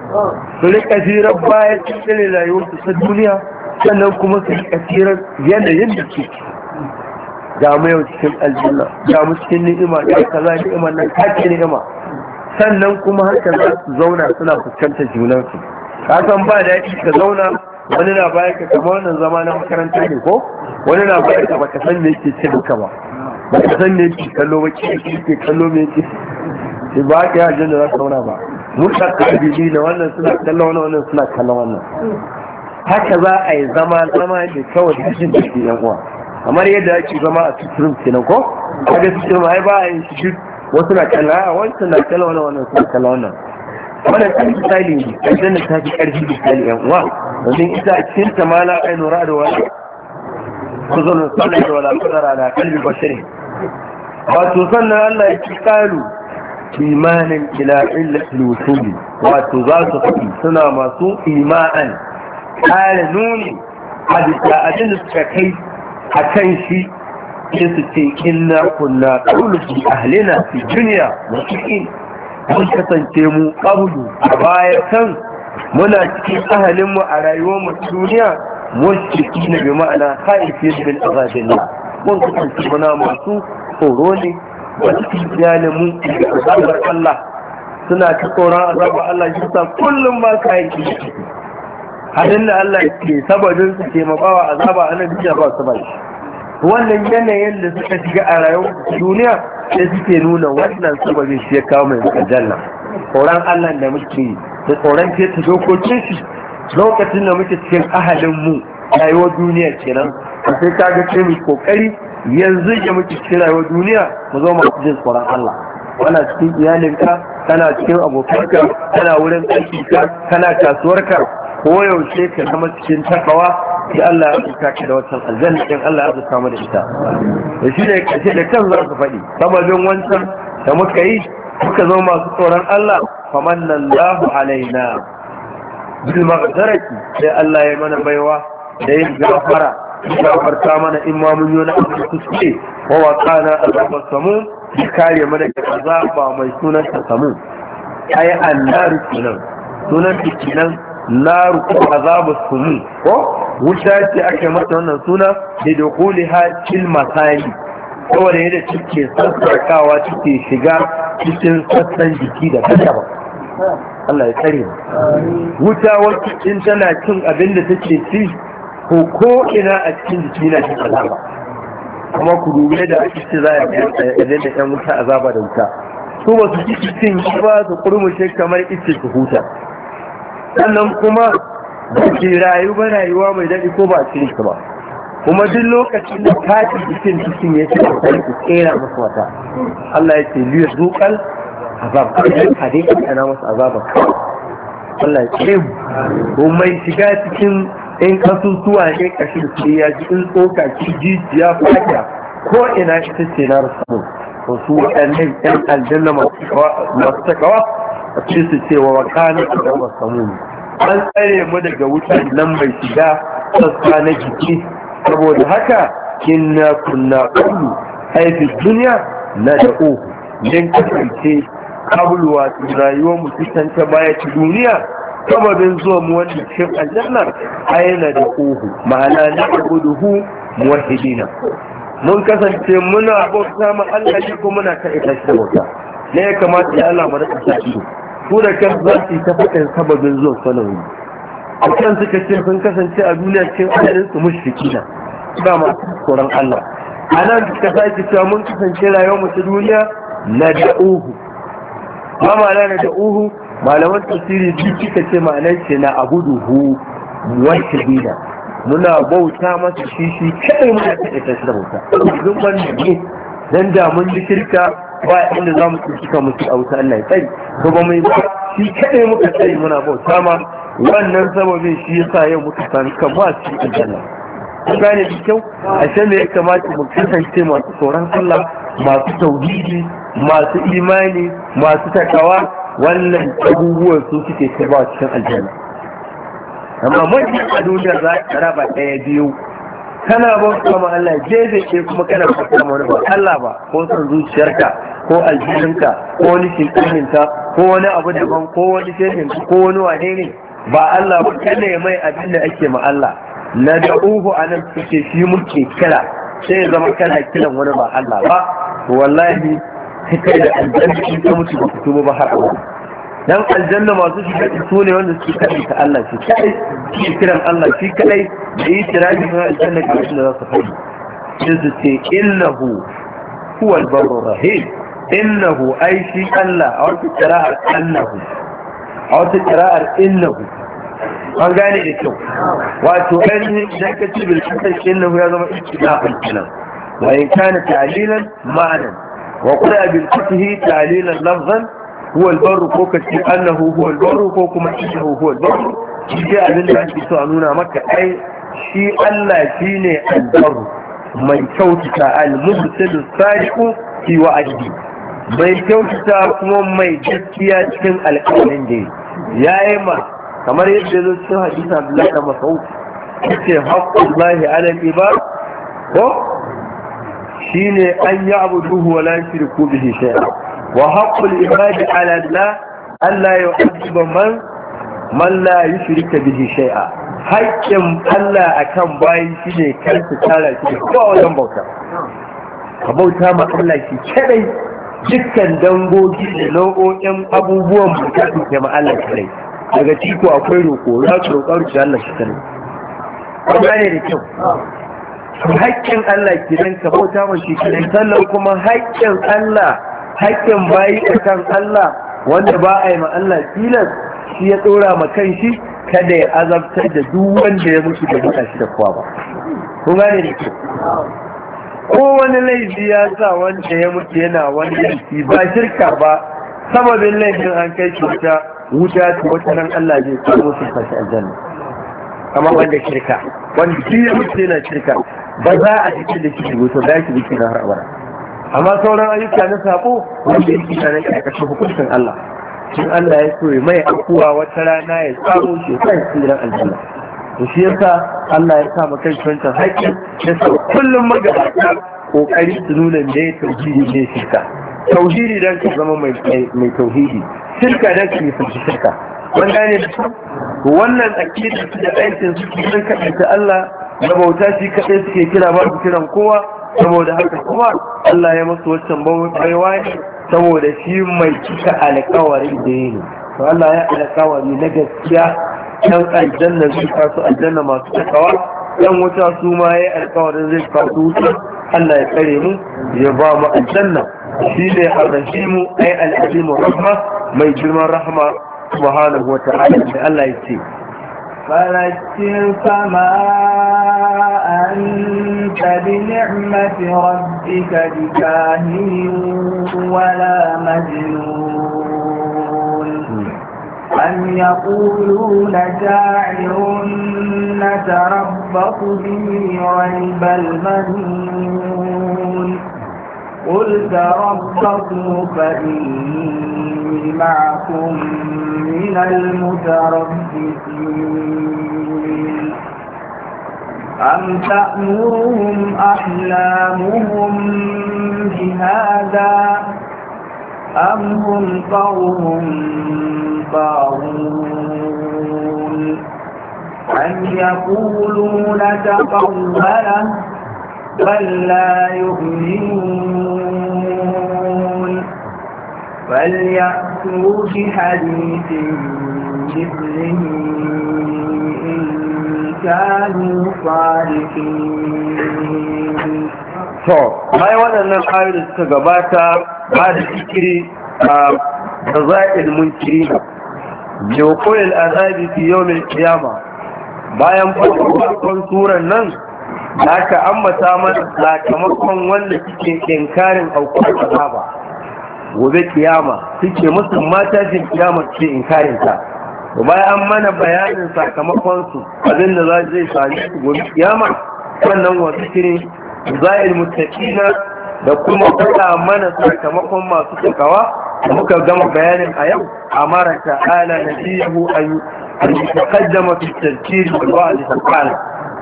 su rika zirar bayan cikin rayuwarsu ta duniya sannan kuma su yi kasirar yanayin da ke Da mu yau cikin aljanna da mu cikin ni'ima ga kaza ni'ima nan kace ni'ima sannan kuma har za su zauna suna fuskantar junansu ka san ba daɗi ka zauna wani na bayan ka kama wannan zama na makaranta ne ko wani na bayan ka baka san me yake ce duka ba baka san me yake kallo ba ke yake kallo me yake sai ba ka yi aljanna za ka zauna ba mu tsakka bibi na wannan suna kallon wannan wannan suna kallon
wannan
haka za a yi zama zama da kawai da jin da yan uwa kamar yadda ake zama a suturum kenan ko kaga suturum ai ba a yin shi wasu na kalla a wancan na kalla wani wannan suna kalla wannan wannan ta misali ne aljanna ta fi karfi misali yan uwa domin ita a cikin ta ma la ainu ra'adu kuzun sallar da walakudar na kalbi bashirin wato sannan allah ya ci kalu imanin ila illatul wusuli wato za su fi suna masu imanan Kare nuni a bisa abin da suka kai a kan shi sai su ce inna kunna qawlukum ahlina fi duniya. wa cikin mun kasance mu qablu a baya kan muna cikin ahalin a rayuwar mu duniya mushrikina bi ma'ana khaifin bil azabillah mun kasance muna masu tsoro ne wata kiyaye mu da azabar Allah suna ta tsoron azabar Allah shi sa kullum ba ka yi abin da Allah ke sababin su ke mabawa azaba a nan ba su bai wannan yanayin da suka shiga a rayu duniya sai suke nuna wannan sababin shi ya kawo mai aljanna tsoron Allah da muke yi da tsoron ke ta dokokin shi lokacin da muke cikin ahalin mu rayuwar duniya kenan a sai ka ga sai mu kokari yanzu ya muke cikin rayuwar duniya mu zo mu jin tsoron Allah kana cikin iyalinka kana cikin abokanka kana wurin aiki ka kana kasuwarka koyaushe ka zama cikin takawa sai Allah ya rubuta ka da wancan aljanna in Allah ya rubuta mu da ita da shi ne kace da kan za ka faɗi sababin wancan da muka yi muka zama masu tsoron Allah famanna Allahu alaina bil maghfirati sai Allah ya mana baiwa da yin gafara farta mana in ma mun na abu da kuskure wa waqana azaba samu ya kare mana daga azaba mai sunan samu ai annar kenan sunan kenan naru azabu sumu ko wuta ce ake mata wannan suna da dukuli ha cil masali saboda yadda cike sassarkawa cike shiga cikin sassan jiki da daban Allah ya tsare mu wuta wacce in tana cin abin da take ci ko ko ina a cikin jiki na cin azaba kuma ku dubi da ake ce za a yi da yan wuta azaba da wuta su ba su ci cin ba su kurmushe kamar ice su huta sannan kuma da ke rayu ba rayuwa mai daɗi ko ba a cire shi ba kuma duk lokacin da kati jikin cikin ya ce a kan ku tsera masa wata Allah ya ce liya zokal azab a dai kana masa azaba Allah ya ce ko mai shiga cikin in kasusuwa ne kashi da ya ji in tsoka ki jijiya fata ko ina ita ce na rasu ko su waɗannan ƴan aljanna masu takawa ci ce su ce wa wakana a da wasu an tsare mu daga wuta nan mai shiga sassa na jiki saboda haka na kunna kullu haifi duniya na da uku yin kasance kabulwa rayuwar mu can ta baya ta duniya sababin zuwa mu wani cikin aljannar yana da uku ma'ana na abuduhu muwahidina mun kasance muna bauta ma Allah kuma muna ta ita shi wata. ne ya kamata ya Allah mara ƙasa ido su da kan za su yi ta faɗin sababin zuwan salawu a kan suka ce sun kasance a duniya cikin adadin su mushriki na ba ma tsoron Allah a nan suka sake cewa mun kasance rayuwar mu ta duniya na da'uhu ba ma'ana na da'uhu malaman tafsiri duk suka ce ma'anar ce na abuduhu wata gina? muna bauta masa shi shi kadai muna kaɗaita shi da bauta duk da ne don da mun ji shirka ba inda za mu tsinci kan mutu a wuta Allah ya tsari to ba mai ba shi kaɗai muka tsari muna bauta ma wannan sababin shi ya sa yau muka sami kan ma cikin aljanna kun gane da kyau a shan me ya kamata mu kasance masu tsoron Allah masu tauhidi masu imani masu takawa wannan abubuwan su suke ba cikin aljanna amma mutum a duniya za ka raba ɗaya biyu kana bauta ma Allah je je kuma kana bauta ma wani ba Allah ba ko san zuciyarka ko aljihunka ko wani shekarunta ko wani abu daban ko wani shekin ko wani wane ne ba Allah ba kada ya mai abin da ake ma Allah na uhu a nan suke shi muke kira sai zama kana kiran wani ba Allah ba wallahi kai da aljanna in ka mutu ba ku tuba ba har abada dan aljanna masu shiga su ne wanda suke kaɗai ta Allah shi kaɗai shi kiran Allah shi kaɗai da yi tirabi na aljanna ga da za su faɗi sai su ce innahu huwal barru rahim إنه أي شيء الله أو تقراء أنه أو تقراء إنه من قال إيشو وأتوأني نكتب الحسن إنه يضم إتلاق الكلام وإن كان تعليلا معنا وقل أبلكته تعليلا لفظا هو البر فوق أنه هو البر فوق ما إنه هو البر جاء من بعد بسوانونا مكة أي شيء الله فيني البر من كوتك المرسل الصالح في وعده mai kyautata kuma mai gaskiya cikin alƙalin da ya yi ma kamar yadda zo cikin hadisa Abdullahi da Mas'ud yace haqqullahi 'ala al-ibad ko shine an ya'buduhu wa la yushriku bihi shay'a wa haqqul ibadi 'ala Allah alla yu'adhiba man man la yushrika bihi shay'a haƙƙin Allah akan bayi shine kansa tara shi ko wajen bauta ka bauta ma Allah shi kadai dukkan dangogi da nau'o'in abubuwan bukatu ke ma'allar kare daga ciko akwai roƙo za su roƙa rufe Allah shi kare kuma ne da kyau haƙƙin Allah gidan ka bauta ta shi kare sannan kuma haƙƙin Allah haƙƙin bayi a kan Allah wanda ba a yi ma Allah tilas shi ya ɗora ma kan shi kada ya azabtar da duk wanda ya mutu da buƙa shi da kowa ba kun gane da
kyau
ko wani laifi ya sa wanda ya mutu yana wani laifi ba shirka ba sababin laifin an kai cuta, wuta ta wata nan Allah zai sa su fashi aljanna kamar wanda shirka wanda shi ya mutu yana shirka ba za a cikin da shi wuta za ki shi na har abada amma sauran ayyuka na sabo wanda yake tare ka kashin hukuncin Allah in Allah ya so ya mai akuwa wata rana ya samu shi kan tsiran aljanna to shi yasa Allah ya sa maka wancan haƙƙi ya sa kullum magabata kokari su nuna ne tauhidi ne shirka tauhidi dan ka zama mai tauhidi shirka dan ka nisanci shirka wani gane wannan akidar da aikin su sun kaɗanta Allah na bauta shi kaɗai suke kira ba su kiran kowa saboda haka kuma Allah ya masu wancan baiwa saboda shi mai cika alƙawarin da yi ne to Allah ya alƙawari na gaskiya yan aljanna zai kasu aljanna masu takawa yan wuta su ma ya alkawarin zai kasu wuta Allah ya tsare mu ya ba mu aljanna shi ne mu ai al'azimu rahma mai girman rahma subhanahu wa ta'ala da Allah ya ce
فذكر فما أنت بنعمة ربك بكاهن ولا مجنون أم يقولون شاعر نتربص به ريب المنون قل تربصوا فإني معكم من المتربصين أم تأمرهم أحلامهم بهذا أم هم قوم طاغون أم يقولون تقولا بل لا يؤمنون فليأتوا بحديث مثله إن كانوا صادقين
to bayan waɗannan ayoyin suka gabata ba da zikiri a zaza'il munkiri bi wuqul azabi fi yawm mai qiyama bayan farkon suran nan da ka ambata mana sakamakon wanda suke inkarin aukuwar azaba gobe kiyama suke musu mata jin kiyama ce inkarin ta to bayan an mana bayanin sakamakon su abinda za zai sami gobe kiyama wannan wasu kiri za'il muttaqina da kuma faɗa mana sakamakon masu takawa da muka gama bayanin a yau a amara ta'ala nabiyahu an yataqaddama fi tadkir wal wa'd ta'ala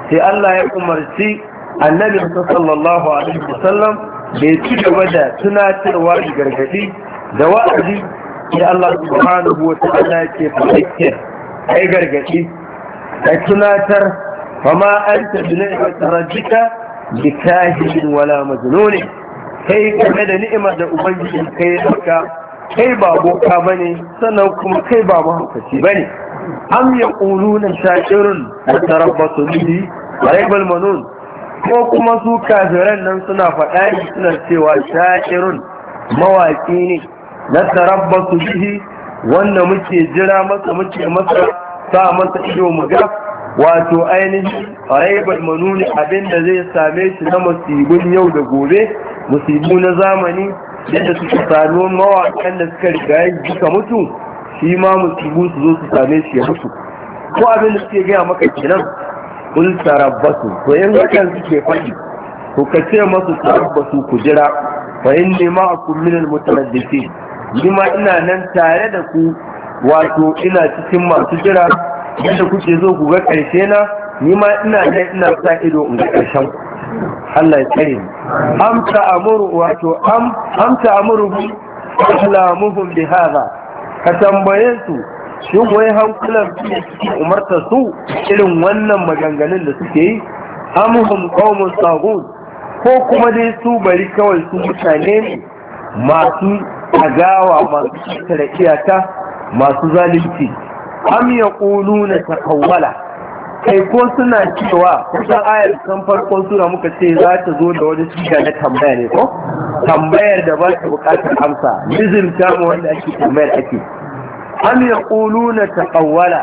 sai Allah ya umarci annabi sallallahu alaihi wasallam da ya ci gaba da tunatarwa da gargadi da wa'azi da Allah subhanahu wa ta'ala ke fadakke ai gargadi ai tunatar fama anta bi ni'mati rabbika bi wala kai da ni'imar da ubangiji kai maka kai ba boka bane sannan kuma kai ba mahaukaci bane am yaquluna sha'irun tarabbasu bihi raibal manun ko kuma su kafiran nan suna faɗa ne suna cewa sha'irun mawaƙi ne na tarabbasu bihi wanda muke jira masa muke masa sa masa ido mu ga wato ainihin raibar manuni abinda zai same shi na musibin yau da gobe musibu na zamani yadda suka sami mawaƙan da suka riga yi duka mutu shi ma musibu su zo su same shi ya mutu ko abin da suke gaya maka kenan kun tarabbasu to yin hakan suke faɗi to ka ce masu tarabbasu ku jira fa inni ma'akum minal mutaraddisin ni ma ina nan tare da ku wato ina cikin masu jira yadda kuke zo ku ga ƙarshe na ni ma ina ne ina sa ido in ga ƙarshen Allah ya tsare ni amuru wato am amsa amuru bi islamuhum bi hada ka tambaye su shin wai hankulan su umarta su irin wannan maganganun da suke yi amuhum qaumun sagun ko kuma dai su bari kawai su mutane ne masu agawa masu tsara iyaka masu zalunci am ya na takawala kai ko suna cewa kusan ayar kan farkon suna muka ce za ta zo da wani siga na tambaya ne ko tambayar da ba ta bukatar amsa nizin ta wanda ake tambayar ake am ya na takawala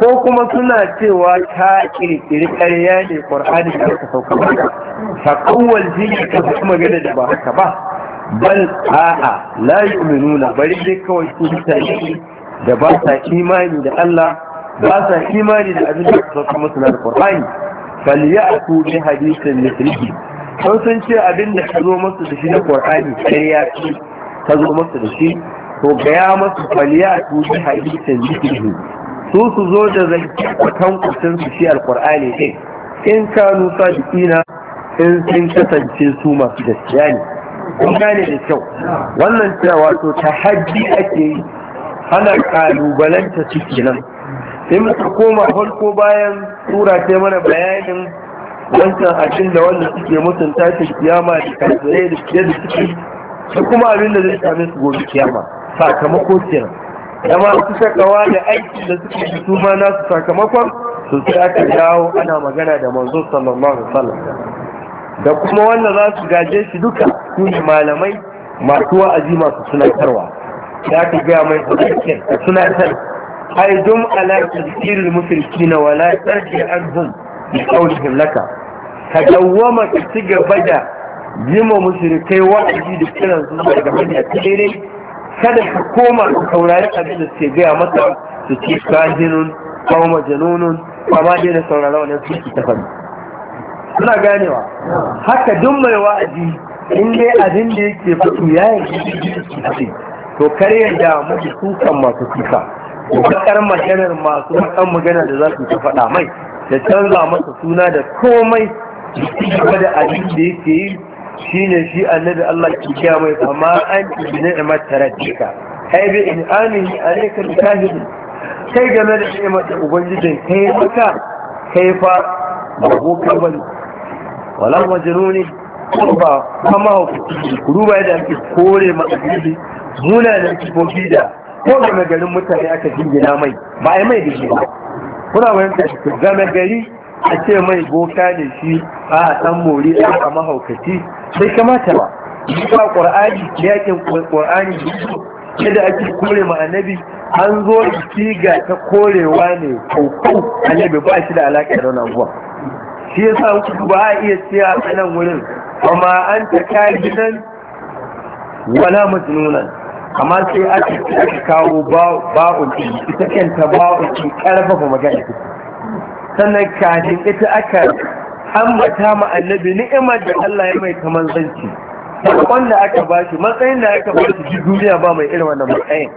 ko kuma suna cewa ta kirkiri ƙarya ne ƙwar'ani da aka sauka ba ta kowal jini ta fi magana da ba haka ba bal a'a la yu'minuna bari dai kawai su mutane da ba sa imani da Allah ba sa imani da abin da suka musu na Qur'ani bal ya'tu bi hadithin mithlihi sun sun ce abin da ka zo musu da shi na Qur'ani ya ce ka zo musu da shi to gaya masa bal ya'tu bi hadithin mithlihi su su zo da zance kwatan kwatan su shi alqur'ani din in kanu sadiqina in sun kasance su masu gaskiya ne kun gane da kyau wannan cewa to tahaddi ake yi hana kalubalanta ciki nan sai muka koma farko bayan tura ta mana bayanin wancan abin da wanda suke mutunta shi kiyama da kasarai da fiye da suke da kuma abin da zai same su gobe kiyama sakamako kenan dama su shakawa da aiki da suke da su ma nasu sakamakon su sai aka dawo ana magana da manzo sallallahu alaihi wasallam da kuma wanda za su gaje shi duka su ne malamai masu wa'azi masu tunatarwa za ta gaya mai hukukin da suna san ai dum ala tasirin musulki na wala tsarki an hun da kaunin himlaka ka dawwama ka ci gaba da yima musulkai wa'azi da kiran su daga hanyar tsere kada ka koma ka saurari abin da suke gaya masa su ci kajinun kawo majanunun kama dai da saurara wani su ta tafari suna ganewa haka duk mai wa'azi in dai abin da yake fito ya yi to karyar da mafi sukan masu kuka, da kakar maganar masu bakan magana da za su ta faɗa mai da canza masa suna da komai ba da abin da yake yi shine shi annabi Allah ke kiya mai amma an bi ni'mat taraddika ai bi in amini ka ta hidu kai game da ni'mat ubangijin kai maka kai fa babu bari. wala majnuni ba kama hukuci kuruba yadda ake kore ma munanan sifofi da kowane garin mutane aka jingina mai ba a yi mai da shi ba kuna fahimta shi gari a ce mai boka ne shi a a san mori a a mahaukaci sai kamata ba ba ƙwar'ani yakin ƙwar'ani yadda ake kore ma annabi an zo ga ta korewa ne kokon annabi ba shi da alaƙa da wannan Shi shi sa wuce ba a iya ce a nan wurin amma an ta kari nan wala majnunan amma sai aka kawo ba'un ɗin ita kanta ba'un ɗin ƙarfafa magana ita sannan kafin ita aka ambata ma annabi ni'imar da Allah ya mai kamar zanci wanda aka ba shi matsayin da aka ba shi duniya ba mai irin wannan matsayin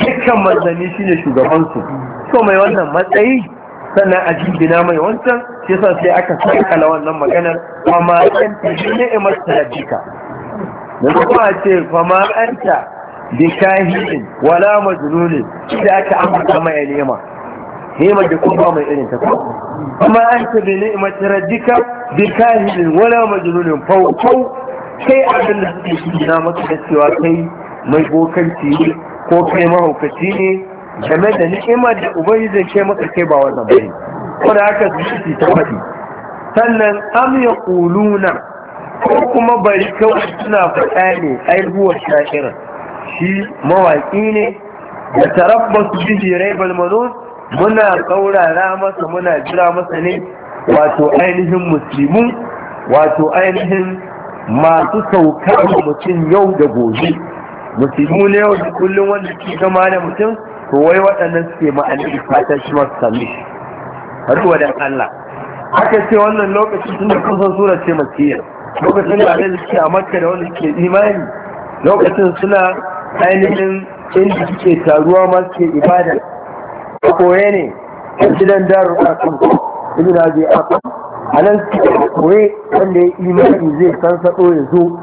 dukkan manzanni shine shugabansu so mai wannan matsayi sannan a jibina mai wancan shi sa sai aka sakala wannan maganar fama an ta ni'imar ta da kuma ce fama an ta bi kahin wala majnun da aka ambata mai ni'ima ni'imar da kuma mai irin ta kuma an ta bi ni'imar rabbika bi kahin wala majnun fau fau kai abin da suke shi na maka da cewa kai mai bokanci ko kai mahaukaci ne game da ni'imar da ubangiji kai maka kai ba wannan bane ko da haka zuci ta faɗi sannan am yaquluna ko kuma bari kawai suna faɗa ne ai huwa sha'irin shi mawaƙi ne da tarabbasu bihi raibal manus muna saurara masa muna jira masa ne wato ainihin muslimun wato ainihin masu saukar mutum yau da gobe musulmi ne yau da kullum wanda ke gama da mutum to wai waɗannan suke ma'anin fatan shi masu sami har wadan Allah haka ce wannan lokacin tun da kusan sura ce masiyar lokacin da alaihi a makka da wanda ke imani lokacin suna ainihin inda suke taruwa masu ibada a koye ne a gidan daru a kan na zai aka a nan suke koye wanda ya imani zai san sado ya zo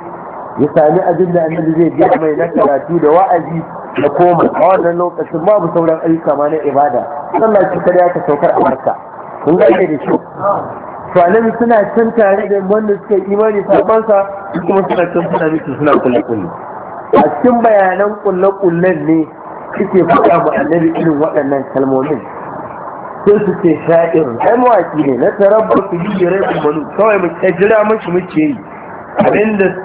ya sami abin da annabi zai biya mai na karatu da wa'azi da koma a wannan lokacin babu sauran ayyuka ma na ibada sallah ce kare aka saukar a marka kun ga da shi to annabi suna can tare da wanda suka imani sabansa kuma suna can suna mutu suna kulle kulle a cikin bayanan ƙulle kullen ne suke faɗa mu annabi irin waɗannan kalmomin sai su ce sha'ir ai mawaki ne na tarabba su yi jirai umaru kawai mu ta jira mashi muke yi abinda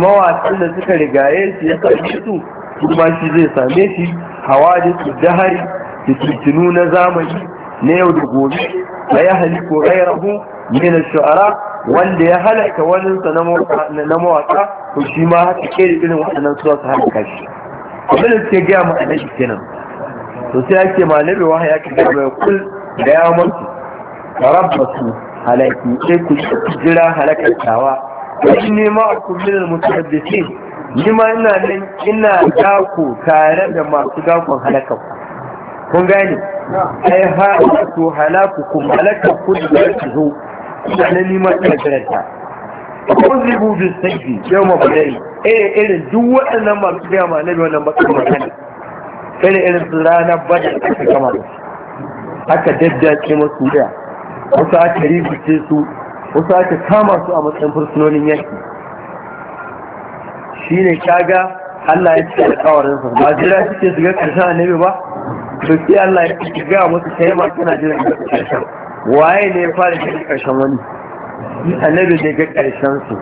mawaƙan da suka rigaye su ya same su kuma shi zai same shi hawa da su dahari da tuntunu na zamani na yau da gobe la ya haliku gairahu min shu'ara wanda ya halaka wani sa na mawaka to shi ma haka ke irin waɗannan suwa su halaka shi abin da suke gaya ma'ana shi kenan to sai ake malabi wa ya ka gaba kul da ya mutu tarabbasu halaki sai ku jira halakar tawa in ne ma ku min al-mutahaddisin ni ma ina nan ina dako tare da masu dakon halakar kun gane ai ha su halakukum halakar ku da ku zo ina nan nima ina karanta kuzibu bi sayyi yawma badari eh irin duk waɗannan masu gaya ma nabi wannan bakin magana irin irin su ranar da aka kama da aka ce masu da wasu aka rikice su wasu aka kama su a matsayin fursunonin yaki shine kaga Allah ya ce alƙawarinsa ba jira suke su ga ƙarshen annabi ba to sai Allah ya ce ga musu kai ma kana jira ƙarshen waye ne ya fara shi karshen wani annabi da ga karshen su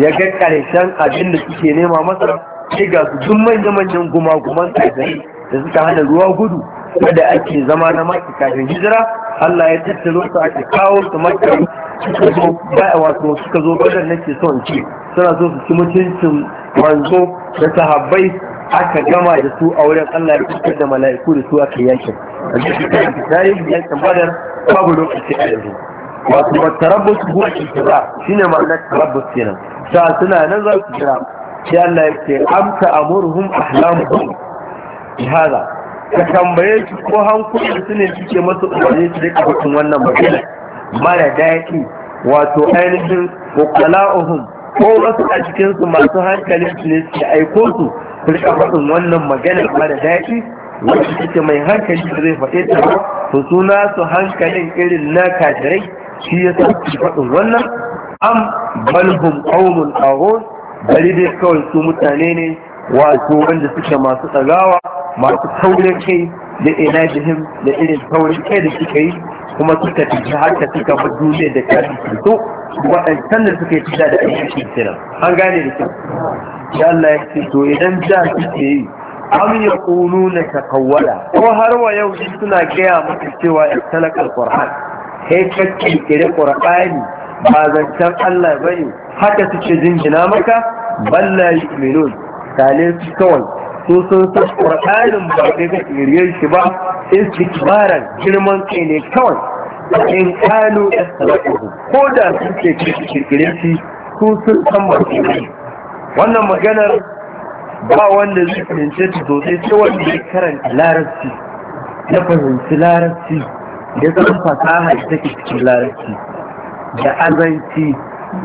ya ga karshen abin da suke nema masa sai ga su duk manya-manyan guma-guman da suka hana ruwa gudu wanda ake zama na maki kafin hijira Allah ya tattalo su ake kawo su makka suka zo wato suka zo badar nake son suna so su ci mutuncin manzo da sahabbai aka gama da su a wurin Allah ya fitar da mala'iku da su aka yankin a cikin tarihi yankin badar babu lokaci a yanzu wasu matarabbus ko a cikin shi ne ma'anar tarabbus kenan sa suna nan za su jira sai Allah ya ce amsa amurhum ahlamuhum hada ka tambaye shi ko hankulin su ne suke masu umarni su rika hutun wannan magana mara daɗi wato ainihin ukala'uhum ko wasu a cikinsu masu hankali su ne suke aiko su ku faɗin wannan magana mara daɗi wacce take mai hankali da zai faɗe ta ba suna su hankalin irin na kajirai shi ya sa su faɗin wannan am balhum ƙaunin ƙaron bari dai kawai su mutane ne wato wanda suke masu tsagawa masu taurin kai da ina jihim da irin taurin kai da suka yi kuma suka tafi haka suka fi duniya da kafin su waɗancan da suka yi fita da aiki kenan an gane da kyau ya Allah ya ce to idan da kike yi am ya kunu na takawwala ko har wa yau suna gaya maka cewa ya talakar qur'an kai ka kirkire ba zancen Allah bane haka suke jingina maka balla yu'minun tale su kawai su sun san qur'anin ba kai ka kirkire shi ba istikbaran girman kai ne kawai in kanu ya ko da suke kirkire shi su sun san ba wannan maganar ba wanda zai fahimce ta sosai sai wanda ya karanta larabci ya fahimci larabci ya zama fasaha ita ke cikin larabci da azanci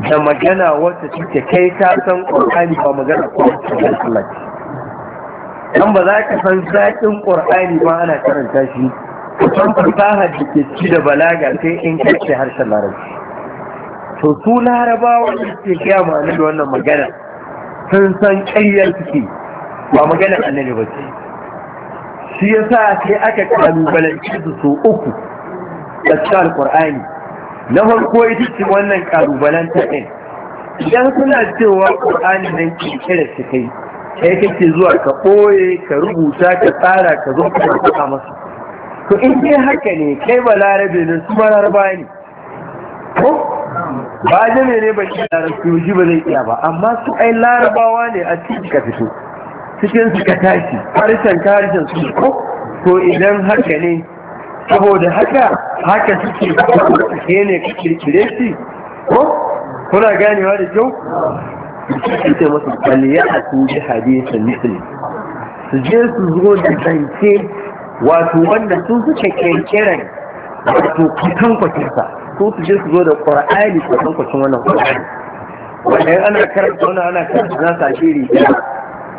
da magana wacce take kai ta san ƙwarƙani ba magana ko wacce Allah ce dan ba za ka san zaƙin ƙwarƙani ba ana karanta shi kusan fasaha da ke ci da balaga sai in kace harshen larabci to su larabawa ne ke gaya ma'anar wannan magana sun san ƙayyar suke ba maganar annabi ba ce shi ya sa sai aka kalubalanci su so uku a cikin alkur'ani na farko ita ce wannan kalubalanta ɗin idan suna cewa ƙur'ani nan da su kai kai kake zuwa ka ɓoye ka rubuta ka tsara ka zo ka faɗa masu to in dai haka ne kai ba larabe ne su ba larabe ne ba jame ne ban da larabci ba zai iya ba amma su ai larabawa ne a cikin ka fito cikin su ka tashi harshen ka harshen su ko to idan haka ne saboda haka haka suke ke ne ka kirkire shi ko kuna ganewa da kyau ce masu kaliya a su ji misali su je su zo da zance wato wanda sun suka kirkiran wato su su je su zo da qur'ani ko san kwacin wannan qur'ani wannan ana karanta wannan ana karanta na sashiri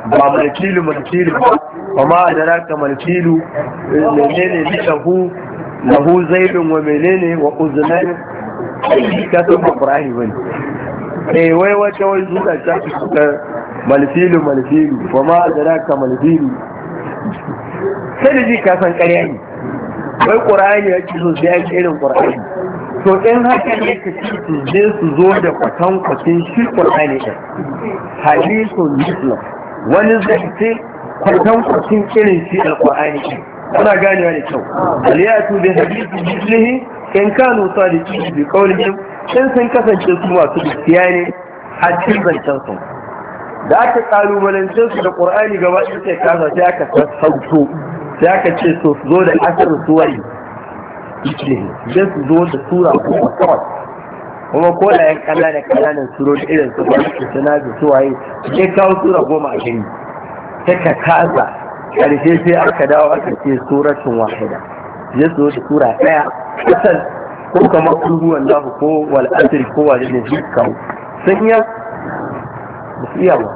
ba malkilu malkilu ba ma adraka malkilu menene bishahu lahu zaidun wa menene wa uzunan ka san ba ne. eh wai wata wai zuwa ta malfilu malfilu wa ma adraka malfilu sai da ji ka san ƙarya ne wai ƙura'ani ya ci so sai ya ci irin ƙura'ani to in haka ne ka ci su je su zo da kwatan kwatin shi qur'ani ɗin, hadithun muslim wani zai ce kwatan kwatin irin shi alqur'ani din kuna ganewa da kyau aliyatu bi hadithin mislihi in kanu sadiqin bi qawlihim in sun kasance su masu gaskiya ne a cikin zancen su da aka kalubalance su da qur'ani gaba ɗaya sai kasa sai aka sauto sai aka ce su zo da asirin suwari mislihi zai su zo da sura kuma kawai kuma ko da yan kananan kananan da irin su ba su sana da suwaye sai kawo sura goma a gani sai ka kaza karshe sai aka dawo aka ce suratun wahida zai su zo da sura ɗaya kusan ko kamar kuruwan lahu ko wal'asir ko wani ne su kawo sun yi ba su iya ba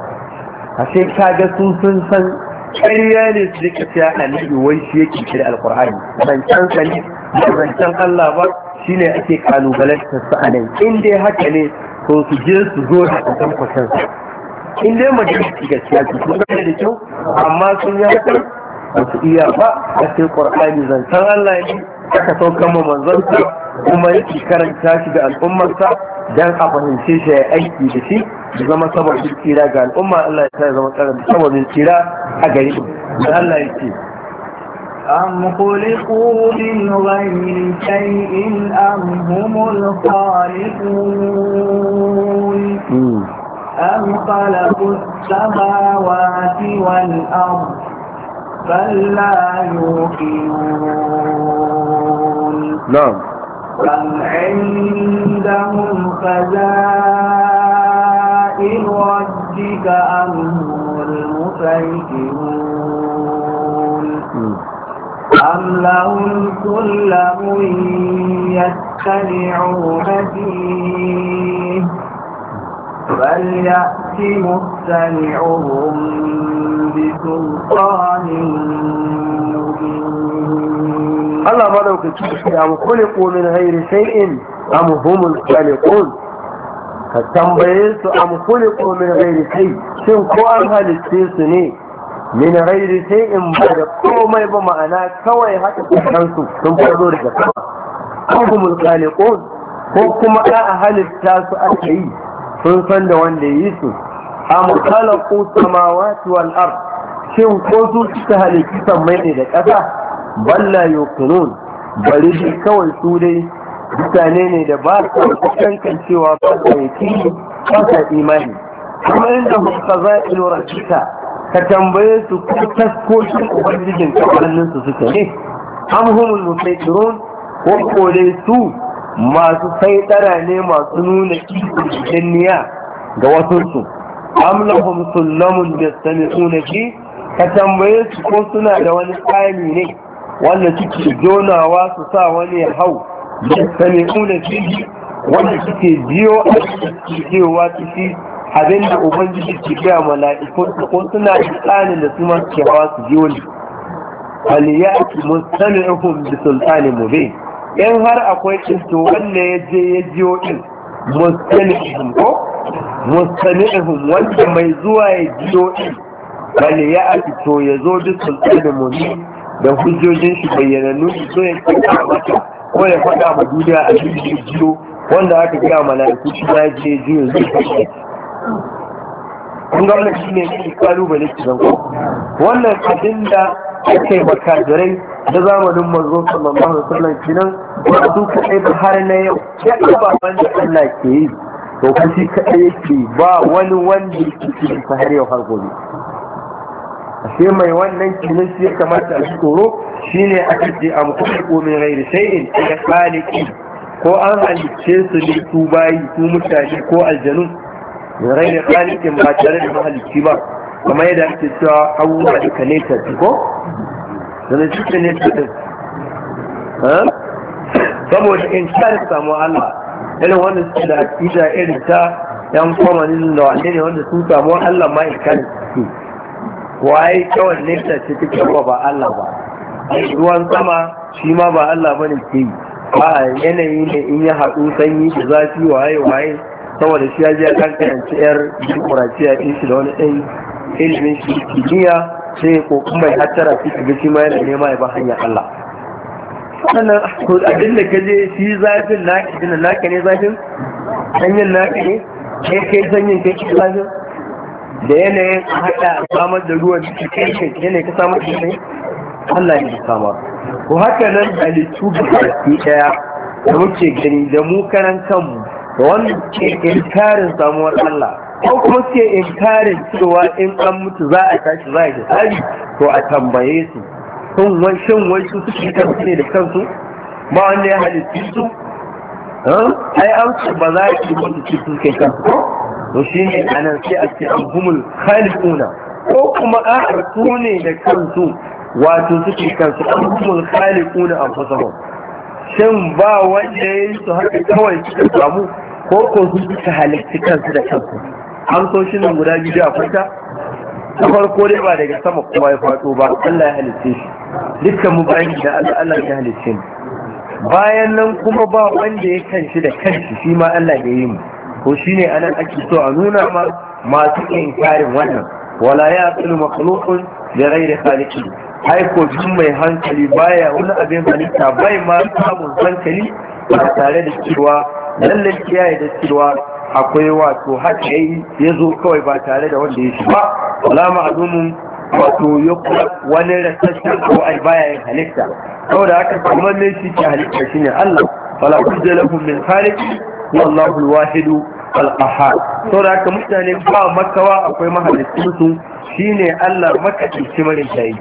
a sai kaga sun sun san ƙarya ne su rika cewa annabi wai shi yake kira alƙur'ani ban can sani da Allah ba shine ake kalubalantar su a nan in dai haka ne to su je su zo da kusan kusan in dai majalisi ga su sun gane da kyau amma sun yi haka ba su iya ba a sai qur'ani zancen Allah ne aka saukan ma manzonsa kuma yake karanta shi ga al'ummarsa dan a fahimce shi ya aiki da shi da zama sabon tsira ga al'umma Allah ya sa ya zama sabon tsira a gari Allah ya ce
أم خلقوا من غير شيء أم هم الخالقون أم خلقوا السماوات والأرض بل لا يوقنون نعم أم عندهم خزائن ربك أم هم المسيطرون أم ya كلهم يتبعون فيه فليأت مستمعهم بسلطان Allah ba da kuke cikin amma kulli komin hairi sai in am humul khaliqun
ka tambaye su am kulli komin hairi sai sun ko an halitta su ne min ghairi in ba da komai ba ma'ana kawai haka kan su sun fado daga sama kumul khaliqun ko kuma a halitta su aka yi sun san da wanda yi su am khalaqu samawati wal ard shin ko su suka halitta sammai ne da kasa balla yuqinun bari shi kawai su dai mutane ne da ba su kankan cewa ba su yi ba su imani kuma inda muka za'il rajita ka tambaye su ko taskoshin ubangijin kamannin su suka ne am humul ko ko dai su masu saitara ne masu nuna ikon niyya ga wasu su am da sullamun suna ki ka tambaye su ko suna da wani tsami ne wanda suke jonawa su sa wani da hau suna ki wanda suke biyo a cikin cewa ciki abin da ubangiji ke gaya mala'ikun ko suna tsanin da su ma ke hawa su biyo ne faliyaki musamman da sultani mube in har akwai kinto wanda ya je ya jiyo din musamman ko musamman wanda mai zuwa ya ji wani faliyaki to ya zo da sultani mube da hujjojin shi bayyanannu so ya kira mata ko ya faɗa ma duniya a cikin jiyo wanda aka gaya mala'iku shi ya je jiyo zai kashe kun ga wannan shine ne kalubale ki zango wannan abin da ake makajirai da zamanin manzo sallallahu alaihi wasallam kinan ba su kadai ba har na yau ya ababan da Allah ke yi to kun shi kadai yake ba wani wanda ke yake ta har yau har gobe ashe mai wannan kinan shi ya kamata a tsoro Shi shine aka ce am kullu min ghairi shay'in ila khaliqi ko an halicce su ne su bayi su mutane ko aljanu da rainin tsarikin ba tare da mahalicci ba kamar yadda ake cewa abubuwa da kaneta ko da su kaneta din saboda in kare samu Allah irin wanda suke da aƙida irin ta yan kwamanin da wanne ne wanda sun samu Allah ma in kare su waye kawai nesa ce take ba Allah ba ruwan sama shi ma ba Allah bane ke yi ba yanayi ne in ya haɗu sanyi da zafi waye waye saboda shi ya je ya kan karanci yar dimokuraciya ɗin shi da wani ɗan ilimin shi kimiyya sai ya kokun mai hattara shi ga shi ma yana nema ya ba hanyar Allah sannan abin da je shi zafin naki dina naka ne zafin hanyar naka ne kai kai sanyin kai kai zafin da yanayin haɗa samar da ruwan da kai kai yanayin ka samar da kai Allah ya samar ko haka nan da halittu ga ɗaya da muke gani da mu karan kanmu da wanda ke inkarin samuwar Allah ko kuma ke inkarin cewa in an mutu za a tashi za a ji tsari to a tambaye su sun wanshin su ke kansu ne da kansu ba wanda ya halittu su ai an su ba za ki mutu su ke kansu ko to shi ne a nan sai a ce an humul khaliquna ko kuma a su ne da kansu wato su ke kansu an humul khaliquna an fasahun shin ba wanda ya yi su haka kawai suka samu ko ko su suka halitta kansu da kansu An so shi nan guda biyu a kwata ta farko dai ba daga sama kuma ya faɗo ba Allah ya halitta shi dukkan mu bayan da Allah Allah ya halitta mu bayan nan kuma ba wanda ya kanshi da kanshi shi ma Allah ya yi mu ko shine anan ake so a nuna ma masu inkarin wannan wala ya aqlu makhluqun bi ghairi khaliqin Haiko jin mai hankali baya wani abin halitta bai ma samun hankali ba tare da cewa lallai kiyaye da cewa akwai wato haka ya zo kawai ba tare da wanda ya shi ba wala ma'azumin wato ya wani rasashen ko ai baya yin halitta saboda haka kuma mai shi ke halitta shine Allah wala kujja lahum min khaliq wallahu alwahid alqahar saboda haka mutane ba makawa akwai mahalicci su shine Allah makaɗi kimarin tayi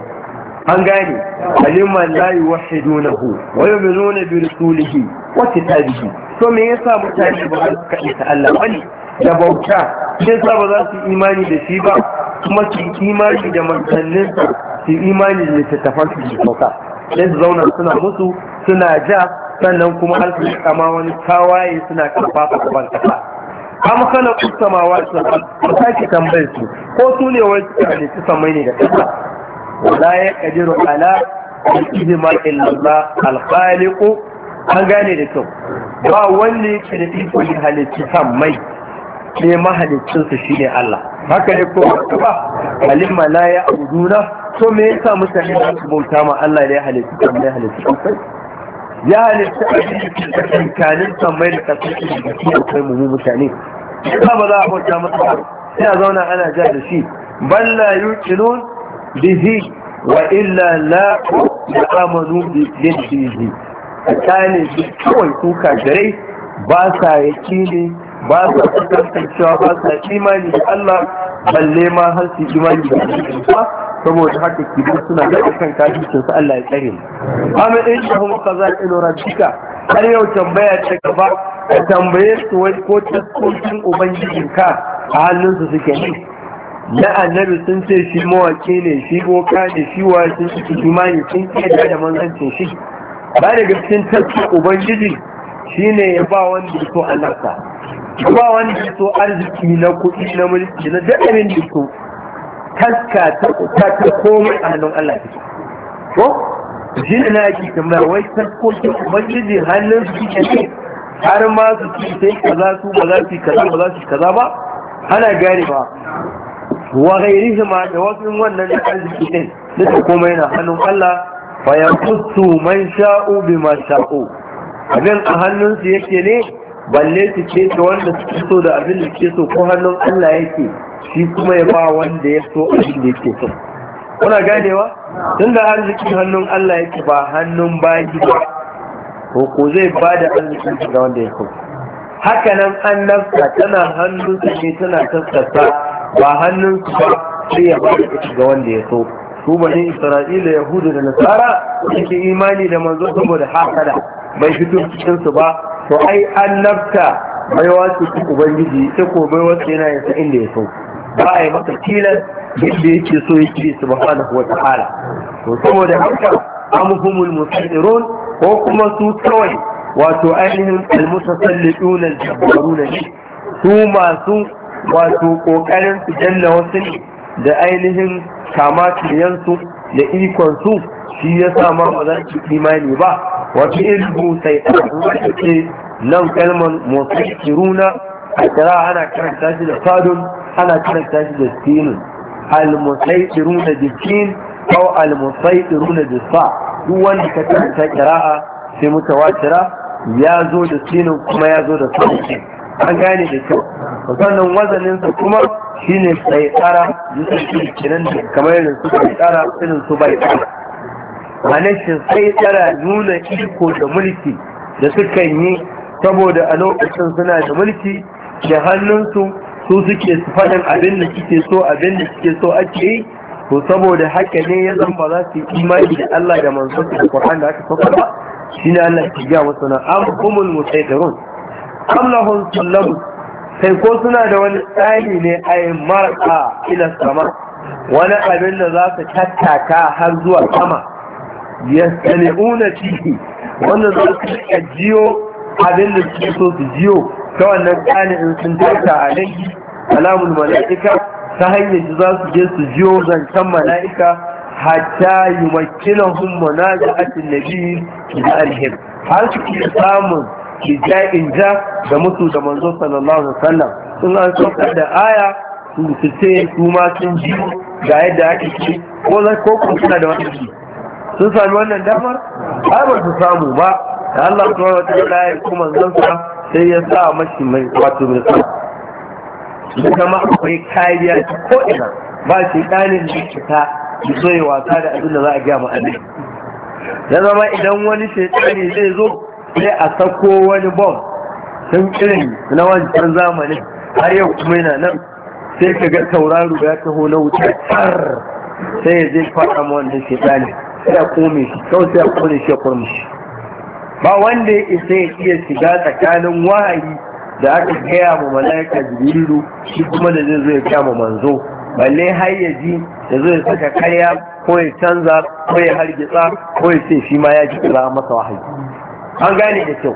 an gane aliman la yuwahhidunahu wa yu'minuna bi rasulihi wa kitabihi to me yasa mutane ba su kaɗe ta Allah bane da bauta shi yasa ba za su imani da shi ba kuma su imani da manzanninsa su imani da littattafan su bauta sai su zauna suna musu suna ja sannan kuma har su kama wani tawaye suna karfafa ban kasa am kana ma wasu ba sake tambayar su ko su ne wani suka ne su samai ne da kasa wala ya kadiru ala al-izma illa Allah al-khaliq an da kyau ba wanda yake da iko ya halicci mai ne mahalicin su shine Allah haka ne ko ba alimma la ya abuduna to me yasa mutane ba su bauta ma Allah da ya halicci kan ya halicci kan ya halicci abin da da da mutane a bauta masa sai zauna ana ja da shi balla bihi wa illa la amanu bihi tsakanin su kawai kuka gare ba sa ne, ba sa cewa, ba sa imani da Allah balle ma har su imani da Allah saboda haka kibi suna da kan kafin su Allah ya tsare amma in shi kaza qaza'il rabbika har yau tambaya ta gaba tambaye su wai ko taskokin ubangijinka a hannunsu suke ne na annabi sun ce shi mawaƙi ne shi boka ne shi wa sun ci ne sun kiyar da manzancin shi ba da gaskin tattalin ubangiji shi ne ya ba wanda ya so annabta ya ba wanda ya so arziki na kuɗi na mulki na duk abin da so taska ta ta komai a hannun Allah ta ko shi ne na yake kamar wai taskokin ubangiji hannun su ne har ma su ce sai kaza su ba za su yi kaza ba za su yi kaza ba ana gane ba wa gairihi ma da wasu wannan da arziki din duka komai na hannun Allah fa ya kutu man sha'u bi ma sha'u abin a hannunsu yake ne balle su ce ta wanda suke so da abin da ke so ko hannun Allah yake shi kuma ya ba wanda ya so abin da yake so kuna ganewa tun da arzikin hannun Allah yake ba hannun bayi ba ko ko zai ba da arzikin ga wanda ya so haka nan annabta tana su ne tana tattasa ba hannun su ba sai ya ba da ga wanda ya so su bane isra'ila yahudu da nasara suke imani da manzo saboda hasada bai fito cikin su ba to ai annabta bai wasu ku ubangiji sai ko bai wasu yana yasa inda ya so ba a yi maka tilas yadda yake so yake subhanahu wa ta'ala to saboda haka amhumul musairun ko kuma su kawai wato ainihin almutasalliquna aljabbaruna ne su masu wato kokarin su janna wasu ne da ainihin kama su da ikon su shi ya sa ma ba za su imani ba wato ilmu sai ɗan ce nan kalmar motsi kiruna a kira ana karanta shi da fadun ana karanta shi da sinin almusai kiruna da sin ko almusai kiruna da sa duk wanda ka karanta kira'a sai mutawatira ya zo da sinin kuma ya zo da sa an gane da kyau sannan wazaninsa kuma shine sai tsara yusuf da kamar irin su bai tsara irin su bai tsara manashin sai tsara nuna iko da mulki da sukan yi saboda a lokacin suna da mulki da hannunsu su suke su faɗin abin da suke so abin da suke so ake yi to saboda haka ne ya zama za su yi imani da Allah da manzon da Qur'an da aka faɗa ba shine Allah ya ga wasu na amkumul kumul amlahun sullamu sai ko suna da wani tsari ne a yi mar'a ila sama wani abin da za su tattaka har zuwa sama ya sani'una ciki wanda za su rika jiyo abin da suke so su jiyo ta wannan tsari in sun tattaka a nan alamun mala'ika ta hanyar za su je su jiyo zancen mala'ika hatta yi makinahun munaja'atin nabi da alhim har su ke samun ja Inja ja da mutu da manzo sallallahu alaihi wasallam sun an saukar da aya su ce su ma sun ji ga yadda ake ci ko za ko kun kuna da wani ji sun sami wannan damar ai ba su samu ba da Allah ta wata da ya kuma zansa sai ya sa mashi mai wato mai sa da kama akwai kariya ta ko ina ba shi ɗanin da ta zo ya wasa da abin da za a gaya ma annabi ya zama idan wani shaitani zai zo sai a sako wani bom sun irin na wancan zamani har yau kuma yana nan sai ka ga tauraro ya taho na wuta tsar sai ya je faɗa ma ke shaitani sai a kome shi kawai sai a kone shi ya kurmi shi ba wanda ya isa ya iya shiga tsakanin wahayi da aka gaya ma mala'ika jibrilu shi kuma da zai zo ya kama manzo balle har ya ji da zai saka karya ko ya canza ko ya hargitsa ko ya ce shi ma ya ji kula masa wahayi an gane da kyau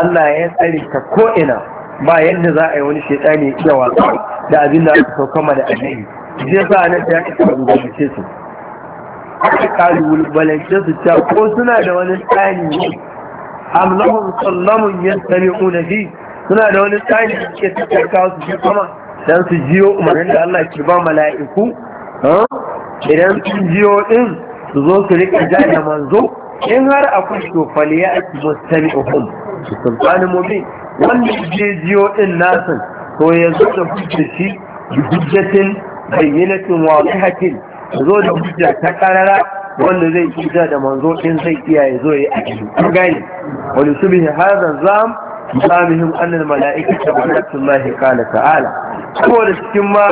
Allah ya tsare ka ko'ina ba yadda za a yi wani shaitani ya wasa da abin da aka sauka ma da annabi zai sa nan da ya ka kalubalance su aka kalubalance su ta ko suna da wani tsani ne lahum sallamun yastami'una bi suna da wani tsani da ke tattaka su ji kama dan su jiyo umarnin da Allah ke ba mala'iku eh? idan sun jiyo din su zo su rika jaya manzo in har akwai to faliya ake mustami uhum sultanin mubin wannan jejiyo din nasin to ya zo da hujjaci da hujjatin bayyanatin hakin zo da hujja ta karara wanda zai iya da manzo in zai iya ya zo ya ajiyu an gane wani su bihi hadha zam zamihim annal mala'ikata barkatullahi qala ta'ala saboda cikin ma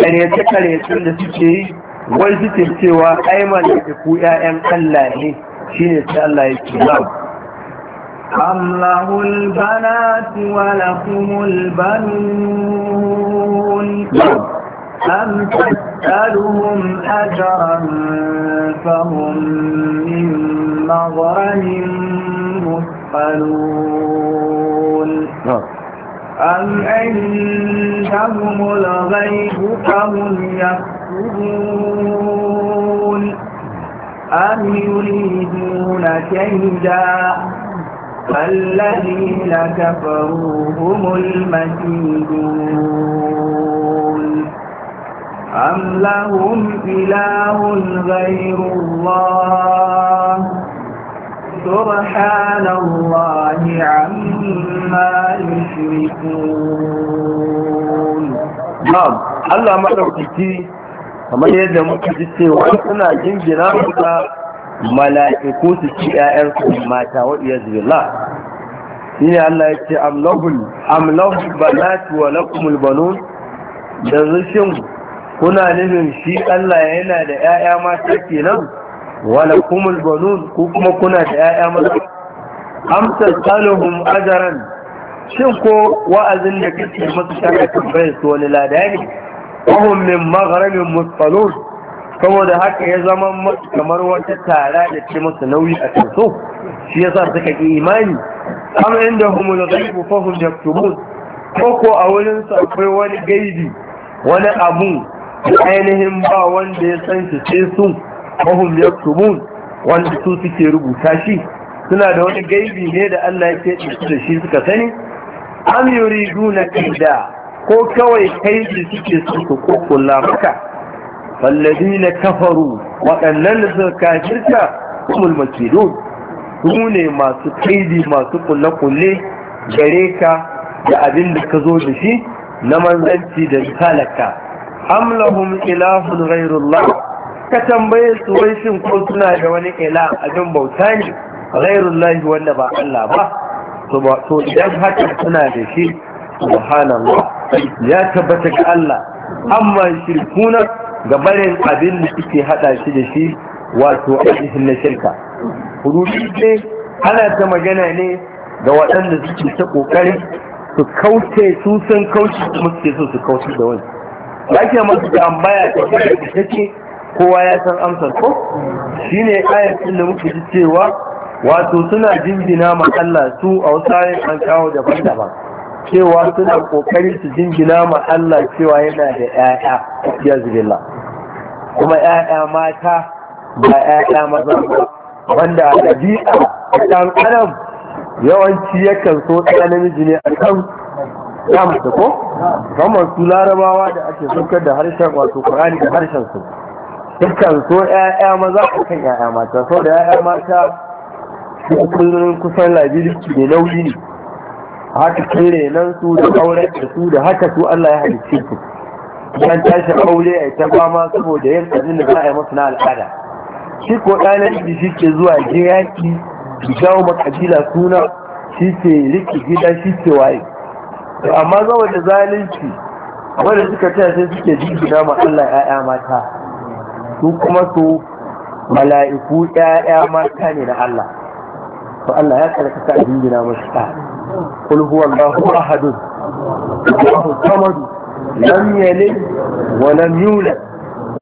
karyace karyacin da suke yi wai suke cewa ai mala'iku 'ya'yan Allah ne shine sai Allah
أم له البنات ولكم البنون أم تسألهم أجرا فهم من مغرم مثقلون أم عندهم الغيب فهم يكتبون أم يريدون كيدا فالذين كفروا هم المكيدون أم لهم إله غير الله سبحان الله عما يشركون
نعم الله ما لو kamar
yadda muka ji cewa
suna jingina suka mala'iku su ci su mata wa iya Shi shine Allah ya ce amlahul amlahul banat wa lakumul banun da rushin kuna nufin shi Allah yana da ƴaƴa mata kenan wa lakumul banun ko kuma kuna da ƴaƴa mata am tasaluhum ajran shin ko wa'azin da kake musu kana tambayar su wani lada wahun min magharabin kuma saboda haka ya zama kamar wata tara da ce masa nauyi a kansu shi yasa suka ki imani amma inda humul ghaibu fa hum yaktubun ko a wurin sa akwai wani gaibi wani abu ainihin ba wanda ya san shi sai su fa hum yaktubun wanda su suke rubuta shi suna da wani gaibi ne da Allah ya ke da shi suka sani am duna kaida ko kawai kaidi suke so ko kula maka wallazi na kafaru waɗannan da suka kafirta kumul makidun su ne masu kaidi masu kulle-kulle gare ka da abin da ka zo da shi na manzanci da talaka amlahum ilahun ghairullah ka tambaye su wai shin ko suna da wani ila abin bauta ne ghairullah wanda ba Allah ba to idan haka suna da shi subhanallah ya tabbata ga Allah amma shirkuna ga barin abin da suke hada shi da shi wato ainihin na shirka hudubi ne ana ta magana ne ga waɗanda suke ta ƙoƙarin su kauce su san kauce kuma suke so su kauce da wani ya ke masu tambaya ta kare da take kowa ya san amsar ko shine ayar da muke ji cewa wato suna jinjina ma Allah su a wasu an kawo daban-daban cewa suna kokari su jingina ma Allah cewa yana da ƴaƴa ya zubilla kuma ƴaƴa mata ba ƴaƴa maza ba wanda a ɗabi'a ɗan ƙanƙanan yawanci yakan so ɗaya namiji ne a kan
ya mace ko
kamar su larabawa da ake sukar da harshen wato qur'ani da harshen su dukkan so ƴaƴa maza a kan ƴaƴa mata so da ƴaƴa mata kusan kusan labiriki ne nauyi ne haka kere nan su da aure da su da haka su Allah ya halicce su an tashi aure a ta fama saboda yin abin da za a yi masu na al'ada shi ko ɗanar da shi ke zuwa da jawo makabila suna shi ke riki gida shi ke waye To amma zama da zalunci wanda suka taya sai suke jigina ma Allah ya'ya mata su kuma su mala'iku ya'ya mata ne na Allah to Allah ya karkata a jingina masu ta قل هو الله أحد الله الصمد لم يلد ولم يولد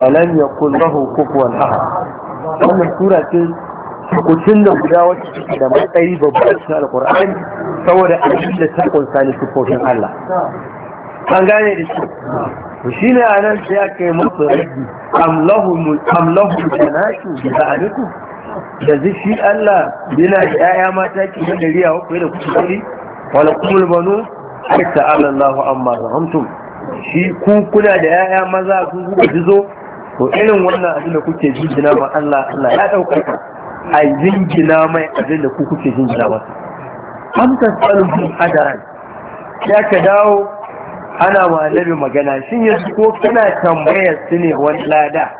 ولم يقل له كفوا أحد wannan sura ce hukuncin da guda wacce take da matsayi babban cikin alkur'ani saboda abin da ta kunsa ne sufofin Allah an gane da shi to shi ne a nan sai aka yi rabbi Amlahu yanzu shi Allah yana da ƴaƴa mata ki da gari a hukumai da kuke gari wala kumul banu hatta Allahu amma zahamtum shi ku kuna da ƴaƴa maza kun kuka jizo to irin wannan abin da kuke jinjina ma Allah Allah ya dauka ka a jingina mai abin da ku kuke jingina masa am tasaluhum hadaran ya ka dawo ana ma annabi magana shin yanzu ko kana tambayar su ne wani lada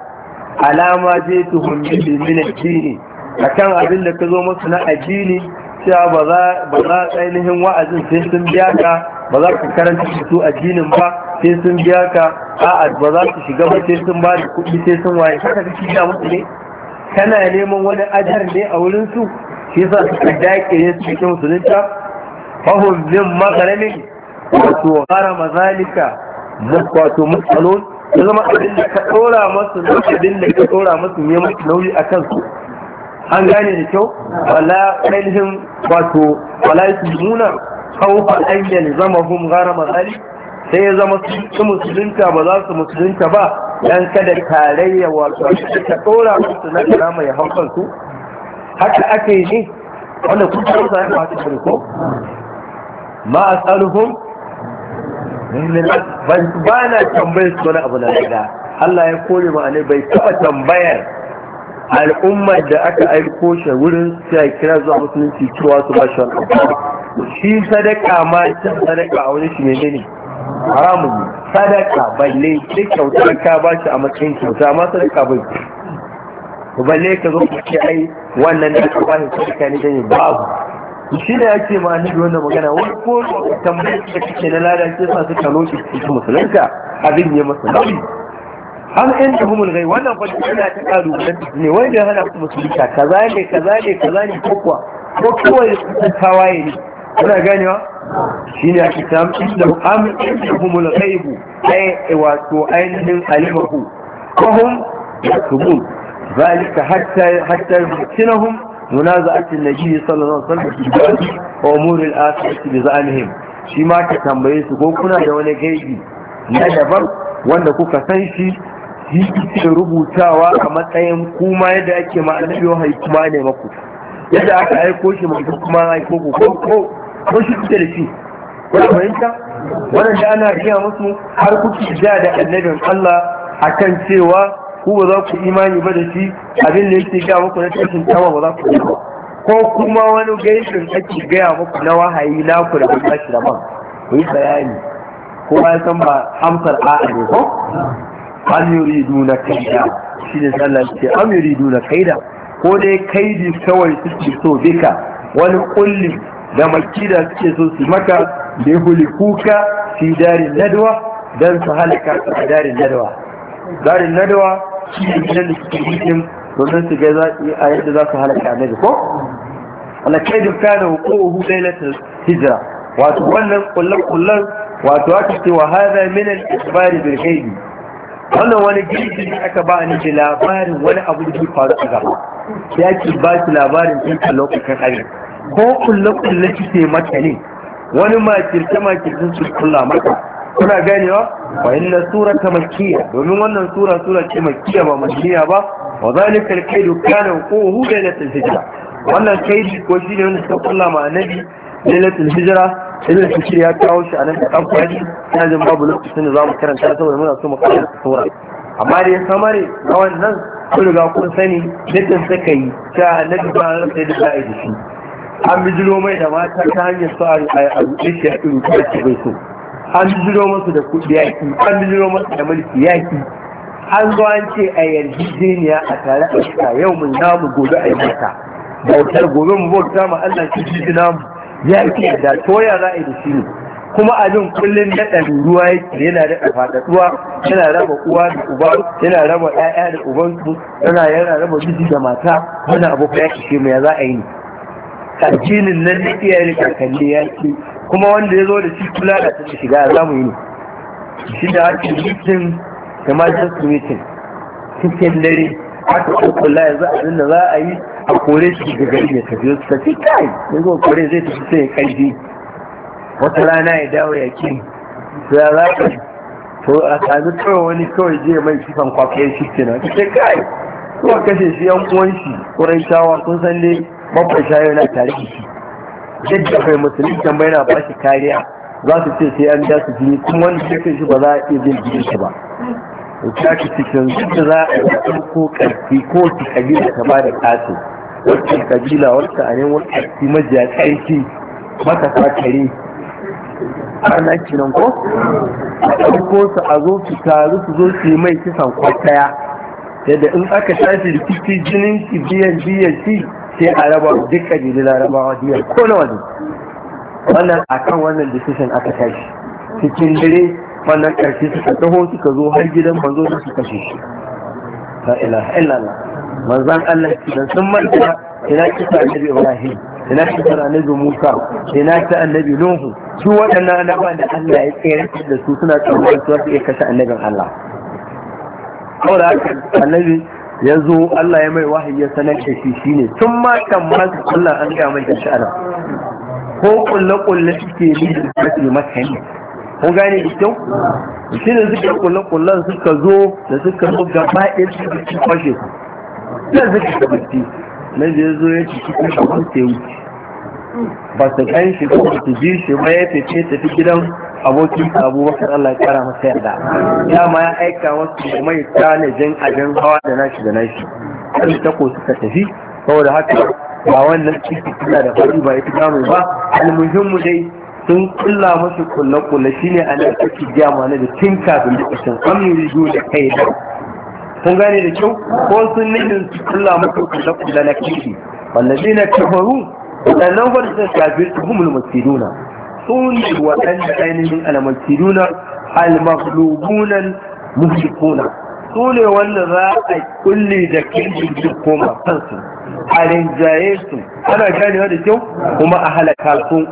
alama zai tuhun bibi min addini akan abin da ka zo masu na addini cewa ba za ainihin wa'azin sai sun biya ka ba za ka karanta su addinin ba sai sun biya ka a'a ba za su shiga ba sai sun ba da kuɗi sai sun waye haka kake ya musu ne kana neman wani ajar ne a wurin su shi yasa suka dake ne su cikin musulunta fahim min magaramin wato harama mazalika wato matsalon ya zama abin da ka tsora masu nauyi abin da ka ɗora masu ne masu nauyi a kansu an gane da kyau wala ainihin wato wala a khawfa zama hun gara mazali sai ya zama su musulunta ba za su musulunta ba dan kada tarayya wato ta tsora musu na karama ya haukan su haka aka yi ne wanda za san yi ba su ko ma a as'aluhum ba na tambayar su wani abu na daga Allah ya kore ma'anai bai taba tambayar al'ummar da aka aiko shi wurin sai kira zuwa musulunci cewa su ba shi shi sadaka ma ta sadaka a wani shi ne ne haramun ne sadaka balle duk kyautar ka ba shi a matsayin kyauta ma sadaka bai balle ka zo ka ce ai wannan da ka ba shi, sadaka ne dai babu shi da ce ma annabi wannan magana wani ko tambayar da kake na lada ke sa suka lokaci musulunta abin ya masa nauyi an inda humul gai wannan kwanci suna ta ƙaru ne wanda hana ku musulunta kaza ne kaza ne kaza ne ko kuwa ko kawai sun tawaye ne kuna ganewa shi ne ake samu inda amin inda humul gaibu ai e wato ainihin alimahu wahum yasubun zalika hatta hatta mutinahum منازعة النبي صلى الله عليه وسلم في البلد وأمور الآخرة بزعمهم shi ma ka tambaye su ko kuna da wani gaibi na daban wanda kuka san shi yake rubutawa a matsayin kuma yadda ake ma annabi wahayi kuma ne maku yadda aka aiko shi mai kuma aiko ko ko ko shi kuke da shi ko da fahimta wannan da ana riya musu har kuke ja da annabin Allah akan cewa ku ba za ku imani ba da shi abin da yake ga muku na tashin tawa ba za ku yi ba ko kuma wani gaishin ake gaya muku na wahayi naku da ba shi da ban ku yi bayani ko ya san ba amsar a'a ne ko am yuriduna kaida shine Allah ce am yuriduna kaida ko dai kaidi kawai suke so bika wani kulli da makida suke so su maka da hulikuka fi darin nadwa don su halaka a darin nadwa darin nadwa shi ne gidan da suke bikin domin su ga a yadda za su halaka annabi ko wala kaidu kana hukuhu lailatul hijira. wato wannan kullan kullan wato aka ce wa hada min al-ikhbari bil wannan wani jirgi ne aka ba ni da labarin wani abu da ke faru a gaba ya ke ba shi labarin sun a lokacin hari ko kulle kulle kike maka ne wani makirce makircin su kula mata. kuna ganewa wa inna surata makkiya domin wannan sura sura ce makkiya ba madaniya ba wa zalika ko kana da lailatul hijira. wannan kaidi ko shine wanda suka kulla ma annabi lailatul hijra ibn kashir ya kawo shi a nan da kafari ina jin babu lokacin da za mu karanta saboda muna so mu karanta sura amma dai ya samare ga wannan ku riga kun sani yadda suka yi ta annabi ba ran sai da ba'i da shi an bijiro mai da mata ta hanyar su a rubuce shi a irin kwarci bai so an bijiro masu da kuɗi yaki an bijiro masu da mulki yaki an zo an ce a yarjejeniya a tare a yau mun namu gobe a yi mata bautar gobe mu bauta ma Allah shi jiji namu ya ke da toya za a yi da shi ne kuma abin kullum daɗa ruwa yake yana daɗa faɗaɗuwa yana raba uwa da uba yana raba ƴaƴa da ubansu yana yana raba jiji da mata wani abu ya kishe mu ya za a yi ne addinin nan da iyaye da kakanni ya ce kuma wanda ya zo da shi kula da ta shiga za mu yi ne shi da ake meeting da majalisar meeting cikin dare aka kula ya abin da za a yi a kore su daga gari ya tafi su tafi kai ya zo kore zai tafi lá ya karfi wata rana ya dawo ya ki to ya za ka to a sami kawai wani kawai je mai sifan kwafiyar shi ke nan sai kai é kashe shi yan por shi kurai shawa kun san dai babban shayo na tare da shi yadda bai musulun tambayi na ba shi kariya se su ce é an ja su jini kuma wanda ya kai shi ba za a iya bin jini shi ba ta ki que da za a o ko karfi ko ki kabila ta ba da kasu wancan kabila wancan a ne wancan ki mata tsarki ana kinan ko a ɗauko su a zo su taru su zo su yi mai kisan kwataya yadda in aka tashi rikici jinin ki biyan biyan ki sai a raba duk kabilu larabawa biyan ko na wani wannan a kan wannan decision aka tashi cikin dare wannan ƙarshe suka taho suka zo har gidan manzo suka kashe shi la ilaha illallah manzan Allah idan sun manta ina kisa annabi Ibrahim ina kisa annabi Musa ina ta annabi Nuhu su waɗannan annabawan da Allah ya tsere da su suna tsoron su su iya kashe annabin Allah saboda haka annabi ya zo Allah ya mai wahayi ya sanar da shi shine sun ma kan masa Allah an ga mai da sha'ara ko kulle-kulle suke yi da suke masa kun gane da kyau shi ne suka kulle-kullen suka zo da suka zo gaba ɗaya suka kashe? su zan sake ka bacci nan da ya zo ya ci cikin abin ta wuce ba su gan shi ko su ji shi ba ya fice tafi gidan abokin abubakar Allah ya kara masa yarda ya ma ya aika wasu da mai tanajin abin hawa da nashi da nashi ta tako suka tafi saboda haka ba wannan ciki suna da fari ba ita gano ba almuhimmu dai sun kulla masu kulle-kulle shine a nan ake gyama na da tun kafin lokacin amin rigo da kai da kun gane da kyau ko sun nufin su kulla maka kula kula na kifi wallazi na kafaru waɗannan wanda suka shafi tuhumul masiruna sun yi waɗanda ainihin almasiruna almaglubunan muhlikuna su ne wanda za a kulle da kirgin duk koma kansu a rinjaye su ana ganewa da kyau kuma a halaka su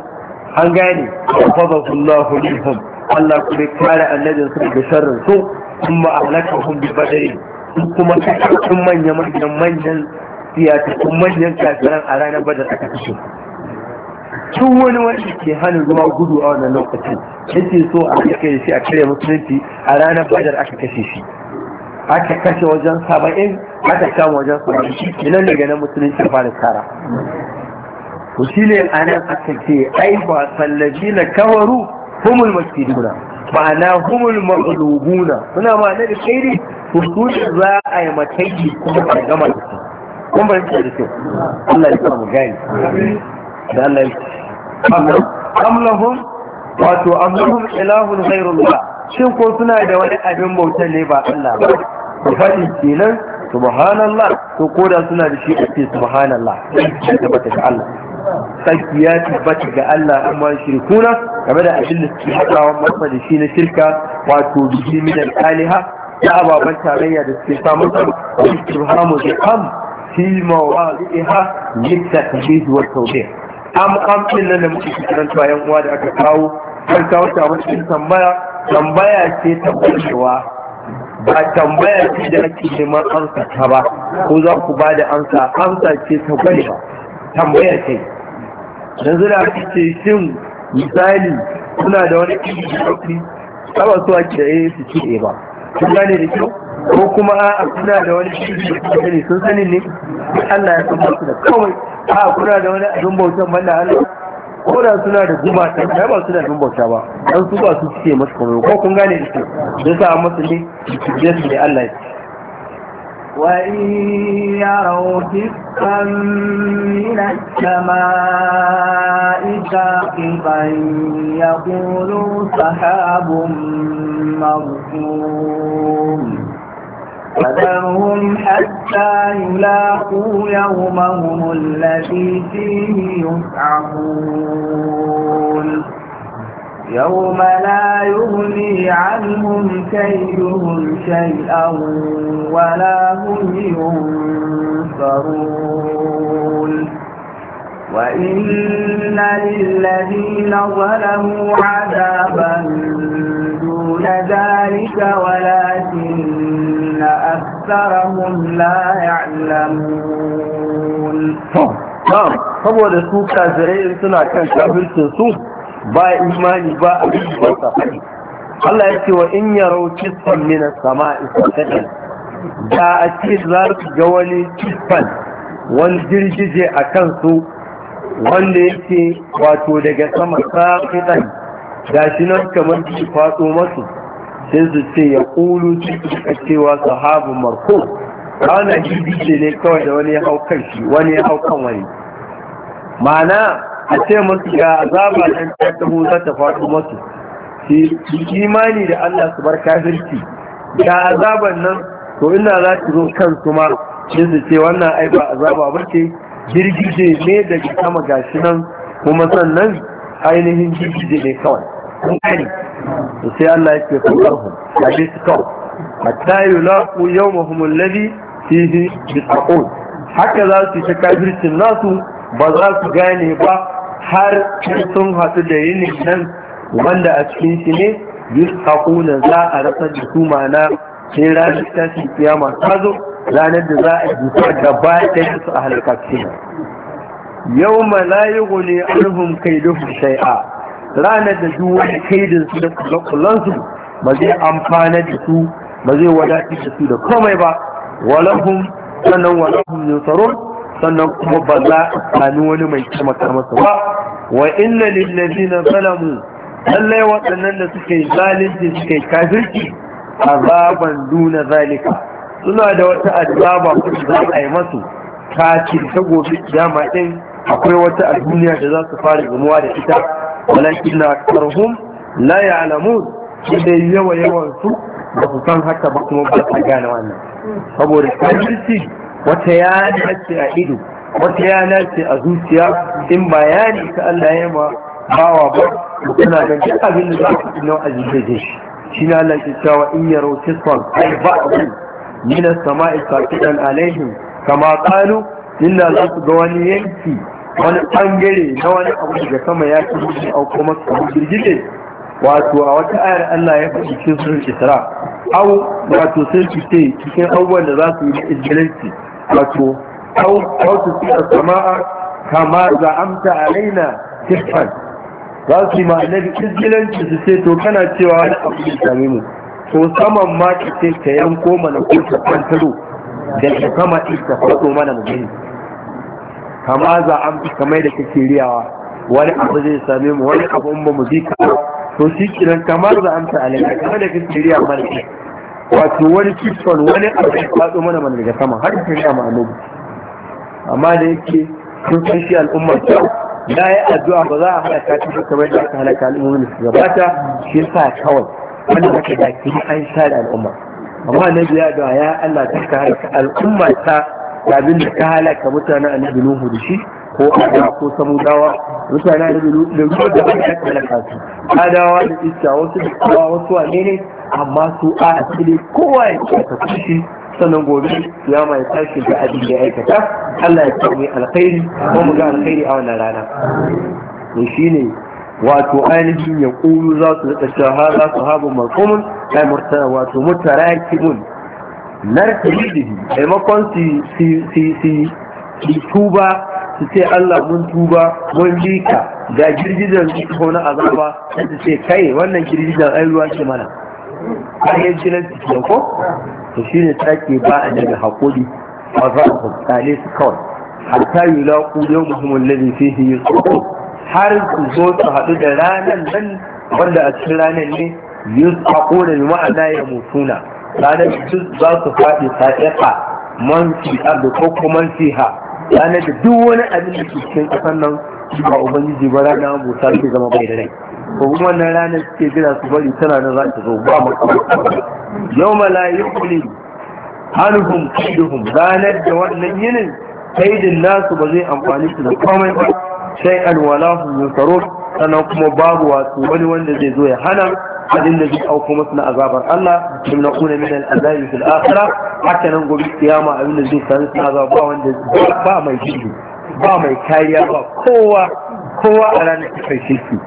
an gane fadahullahu lihum Allah kuma kare annabin su da sharrin su kuma ahlakahum bi badari kuma kakakun manyan manyan manyan siyatattun manyan kafiran a ranar badar aka kashe tun wani wani ke hana ruwa gudu a wannan lokacin yake so a kake shi a kare musulunci a ranar bada aka kashe shi aka kashe wajen saba'in aka kama wajen saba'in nan daga nan musulunci fara tara Ku shi ne a nan aka ce ai ba sallabi na kawaru humul masjiduna ma'ana humul ma'lubuna suna ma'ana da kairi to za a yi mataki kuma a gama da su kun bari da kyau Allah ya samu gani da Allah ya am lahum
wato am lahum
ilahun ghayrullah shin ko suna da wani abin bauta ne ba Allah ba ku faɗi kenan subhanallah to koda suna da shi a ce subhanallah tabbata ga Allah tsarki ya tabbata ga Allah an ma shirkuna game da abin da suke haɗawa masa da shi na shirka wato bihi min al-aliha da ababen tarayya da suke samun subhanahu da am fi mawadi'iha litakbid wa tawbih am am din nan da muke kiran to yan uwa da aka kawo kan kawo ta wata tambaya tambaya ce ta cewa ba tambaya ce da ake neman amsa ta ba ko za ku ba da amsa amsa ce ta gwarewa tambaya ce yanzu da aka ce shin misali suna da wani ɗin da ɗauki saba su ake da ya su ce ba sun gane da kyau ko kuma a suna da wani ɗin da sani sun sani ne Allah ya san masu da kawai a kuna da wani abin bautan banda Allah ko da suna da guba ta ya ba su da abin bauta ba dan su ba su ce masu kuma ko kun gane da kyau don sa masu ne da su da Allah ya
وإن يروا كسفا من السماء ساقطا يقولوا سحاب مرسوم فذرهم حتى يلاقوا يومهم الذي فيه يسعفون يوم لا يغني عنهم كيدهم شيئا ولا هم ينصرون وإن للذين ظلموا عذابا دون ذلك ولكن أكثرهم لا يعلمون
saboda su kafirai suna kan kafircin su ba imani ba a yi ba sa Allah ya ce wa in yaro kisfan na sama isa satadan da a ce za su ga wani kisfan wani girgije a kansu wanda yake wato daga sama ga shi nan kamar su faɗo masu sai su ce ya ƙulu cikin cewa sahabu marko ana jirgije ne kawai da wani ya hau kan wani ya hau kan wani ma'ana a ce musu ga azaba nan ta tabo za ta faɗo masu, shi imani da Allah su bar kafirci ga azaban nan to ina za ta zo kansu ma sai su ce wannan ai ba azaba ba ce girgije ne daga sama gashi nan kuma sannan ainihin girgije ne kawai kun to sai Allah ya ce kun karhu a bi su kawai hatta yulaqu yawmahum alladhi fihi yusaqun haka za su ta kafircin nasu ba za su gane ba har sun hatu da yin nan wanda a cikin shi ne haƙuna za a rasa da su mana sai ranar tashi ya masu hazo ranar da za a ba ta ɗaya su a halakacin yau ma layihu ne alhum kai duhu shai'a ranar da duk wani da su da kullakullansu ba zai amfana da su ba zai wadatar da su da komai ba walahum sannan walahum yusarun sannan kuma ba za a sami wani mai taimaka masa ba wa inna lillazina zalamu lallai waɗannan da suke zalunci suke kafirci azaban duna zalika suna da wata azaba kuma za a yi masu kafin ta gobe kiyama din akwai wata a duniya da za su fara gamuwa da ita walakin na karhum la ya'lamun sai yawa yawan su ba su san haka ba kuma ba su gane wannan saboda kafirci wata ya nace a ido wata ya nace a zuciya in bayani ta Allah ya ma bawa ba tana ga duk abin da za ka ina a da shi shi na Allah ke cewa in yaro kisfan ai ba abu min as-sama'i saqitan alaihim kama qalu illa za su ga wani yanki wani bangare na wani abu daga sama ya ci shi au kuma su girgije wato a wata ayar Allah ya faɗi cikin sunan Isra au wato sai su ce cikin abubuwan da za su yi na izgilanci wato hau su a sama'a kama za amta alaina kifan za su yi ma annabi izgilanci su ce to kana cewa wani abu da sami mu to saman ma ta ce ta yanko mana ko ta kwantaro da ta kama ta faɗo mana mu gani kama za amta kamar da kake riyawa wani abu zai sami mu wani abu in ba mu zika to shi kiran kamar za amta alaina kamar da kake riyawa mana wato wani kitson wani abu ya faɗo mana mana daga sama har ta sha ma'anobi amma da yake sun san shi al'ummar ta na yi addu'a ba za a halaka ta shi kamar da aka halaka al'ummar da su gabata shi sa kawai wanda aka daki an sha da al'umma amma na biya da ya Allah ta ka halaka al'umma ta da abin da ka halaka mutanen annabi Nuhu da shi ko ada ko samudawa mutanen annabi da ruwa da aka halaka su adawa da iska wasu da wasu wane ne amma su a asili kowa ya ta kushi sannan gobe ya mai tashi da abin da aikata Allah ya kawo alkhairi ko mu ga alkhairi a wannan rana to shine wato ainihin ya kuru za su da shahada sahabu marhumun ai murtala wato mutarakibun narkilihi maimakon si si si si tuba su ce Allah mun tuba mun bi ka ga girgizar su na azaba sai su ce kai wannan girgizar ai ruwa ce mana kayan jinan da ko to shi ne take ba a daga haƙuri za a tsale su kawai hatta yi laƙu yau muhimmin lalin fihi yi har su zo su haɗu da ranar nan wanda a cikin ranar ne yi haƙo da ma'ana ya mutuna ranar su za su faɗi sa'iƙa man fi arda ko kuma man fi ha ranar da duk wani abin da ke cikin ƙasar nan ba ubangiji ba rana abota ke zama bai da rai ko kuma wannan ranar suke jira su bari tana nan za ta zo ba mu yau malayu kuli hanuhum kaiduhum ranar da wannan yinin kaidin nasu ba zai amfani su da komai ba sai alwalahu yunsarun sannan kuma babu wasu wani wanda zai zo ya hana abin da zai auko masu na azabar Allah da na kuna min al'azabi fil akhirah haka nan gobe kiyama abin da zai sani na azaba wanda ba mai jiji ba mai kariya ba kowa kowa a ranar kai shirki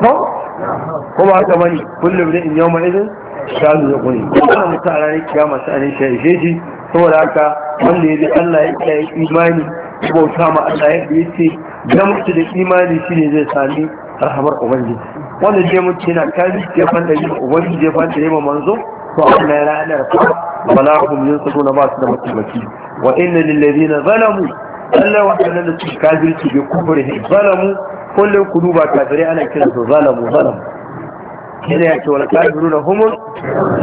ko kuma haka bane kullum da in yau mai izin shanu ya kuni kowane mutum a ranar kiyama sai an shi shi saboda haka wanda ya bi Allah ya kiyaye imani bauta ma Allah ya bi ce da mutu da imani shi ne zai sami rahamar ubangiji wanda je mutu yana kari ya fanta yi ubangiji ya fanta yi ma manzo to Allah ya ranar fa wala hum yunsuna ba su da mutumaki wa inna lil ladina zalamu Allah waɗannan da suke kafirci bai kufurhi zalamu kullum ku duba kafirai ana kira su zalamu zalamu yana ya ce wal kafiruna humul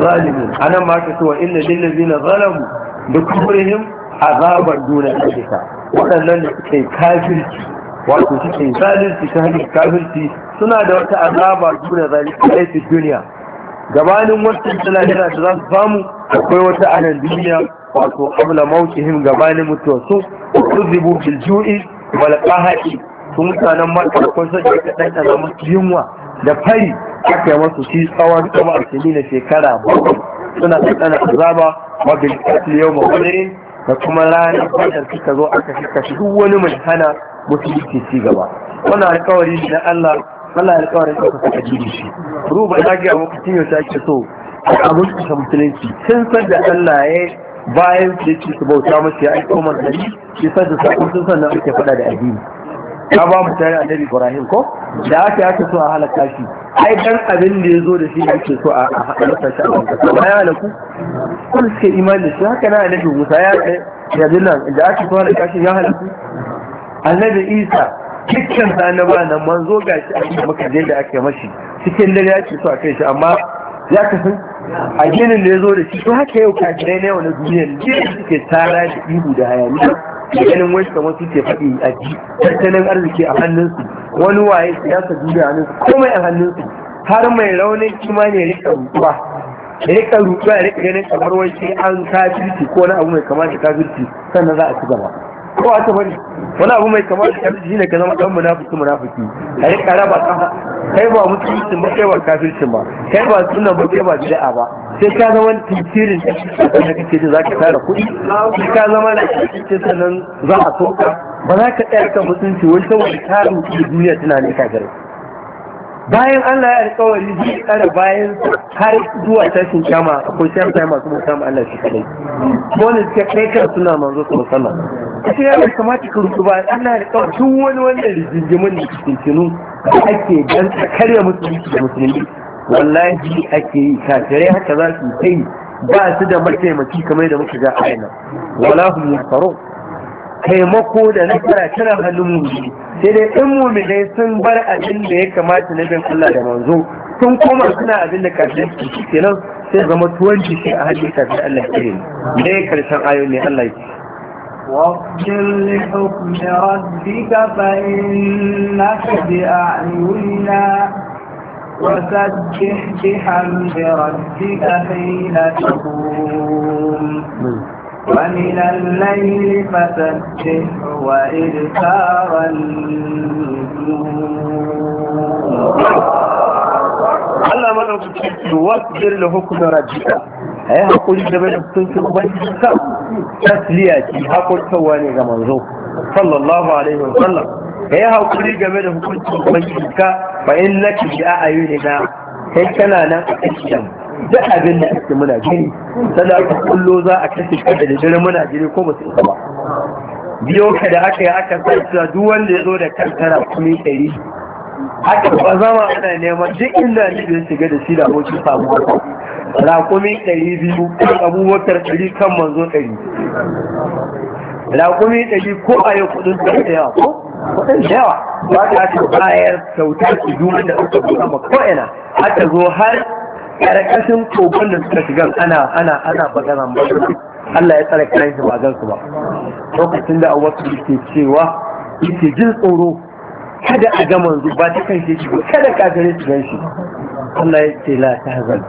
zalimun anan ma ka ce wa inna lil ladina zalamu bi kufrihim azaban duna dalika waɗannan da suke kafirci wato suke zalunci ta hanyar kafirci suna da wata azaba duna zalika a duniya gabanin wancan tana da za su samu akwai wata anan duniya wato qabla mautihim gabanin mutuwarsu kuzibu bil ju'i wal qahati su mutanen makka ko sai ka dan kana yunwa da fari aka yi masu shi tsawon kama a cikin da shekara bakwai suna tsakana azaba wa bil qatl yawm badrin da kuma ranar badar suka zo aka fi kashi? duk wani mai hana musu musulunci ci gaba wannan alƙawari na Allah Allah alƙawarin ɗauka ka ajiye shi ruba ya gaya ga mutum ya sake so a abin musulunci sun san da Allah ya yi. bayan da yake su bauta masa ya aiko manzanni shi sa da sakon sun sannan ake faɗa da addini ka ba mu tare annabi ibrahim ko da aka yake so a halaka shi ai dan abin da ya zo da shi yake so a halaka shi a halaka ba ya halaku kun suke imani da shi haka na annabi musa ya ya dinnan da aka so halaka shi ya halaku annabi isa dukkan annabawa nan manzo gashi a cikin makaje da ake mashi cikin dare ya ce so a kai shi amma ya kasan ginin da ya zo da shi to haka yau kafirai na yau na duniya da suke tara da ihu da hayaniya ganin wani kamar ke faɗi a ji tattalin arziki a hannunsu wani waye siyasa duniya a hannunsu komai a hannunsu har mai raunin kima ne rika rutuwa rika rutuwa rika ganin kamar wani an kafirci ko na abu mai kamar da kafirci sannan za a ci gaba ko aka bari wani abu mai kama da shi ne ka zama dan munafiki munafiki kai kara ba kafa kai ba musulunci ba kai ba kafirci ba kai ba sunna ba kai ba bid'a ba sai ka zama tisirin da kake za ka tara kuɗi sai ka zama da kake sannan za a soka ba za ka tsaya kan mutunci wani saboda tarin duniya tana ne ka gare bayan Allah ya alkawari zai tsara bayan har zuwa sashin kyama akwai shan sai masu musamman Allah shi kadai wani suka kai kan suna manzo su musamman sai ya bai kamata ka rubu ba Allah ya alkawari tun wani wannan rigingimin da cikin tunu da ake dan karya musulunci da musulunci wallahi ake yi kafirai haka za su yi ba su da mataimaki kamar da muka ga a aina wala hum yasarun taimako da nasara tana hannun mu sai dai in muminai sun bar abin da ya kamata na bin Allah da manzo sun koma suna abin da kafin su kenan sai zama tuwanci sai a hajji kafin Allah ya kirin ne karshen ayo ne Allah ya
واصبر لحكم ربك فإنك بأعيننا وسبح بحمد ربك حين تقوم ومن الليل فسبحه وإذكار Allah madaukakin ki
wasbir li hukmi rabbika ai hakuri da bai hukuncin ubangiji ka tasliya ki hakurtawa ne ga manzo sallallahu alaihi wa sallam kai hakuri game da hukuncin ubangiji ka a ayunina kai kana nan a cikin duk abin da ake muna gani sannan aka kullo za a kashe kada da dare muna gani ko ba su isa ba biyo ka da aka yi aka sa duk wanda ya zo da kankara kuma ɗari haka ba zama ana neman duk inda ne zai shiga da shi da abokin samu haka rakumi ɗari biyu kan abubakar ɗari kan manzo ɗari rakumi ɗari ko a yau kuɗin da yawa ko kuɗin da yawa ba ta ta bayar kyauta ki duk da aka buɗa ma ko'ina aka zo har ƙarƙashin kogon da suka shiga ana ana ana bagaran bagaran Allah ya tsare kayan shi ba gan su ba lokacin da Abu Bakar yake cewa yake jin tsoro kada a ga manzo ba ta kai shi kada ka kafirai su gan shi Allah ya ce la tahzan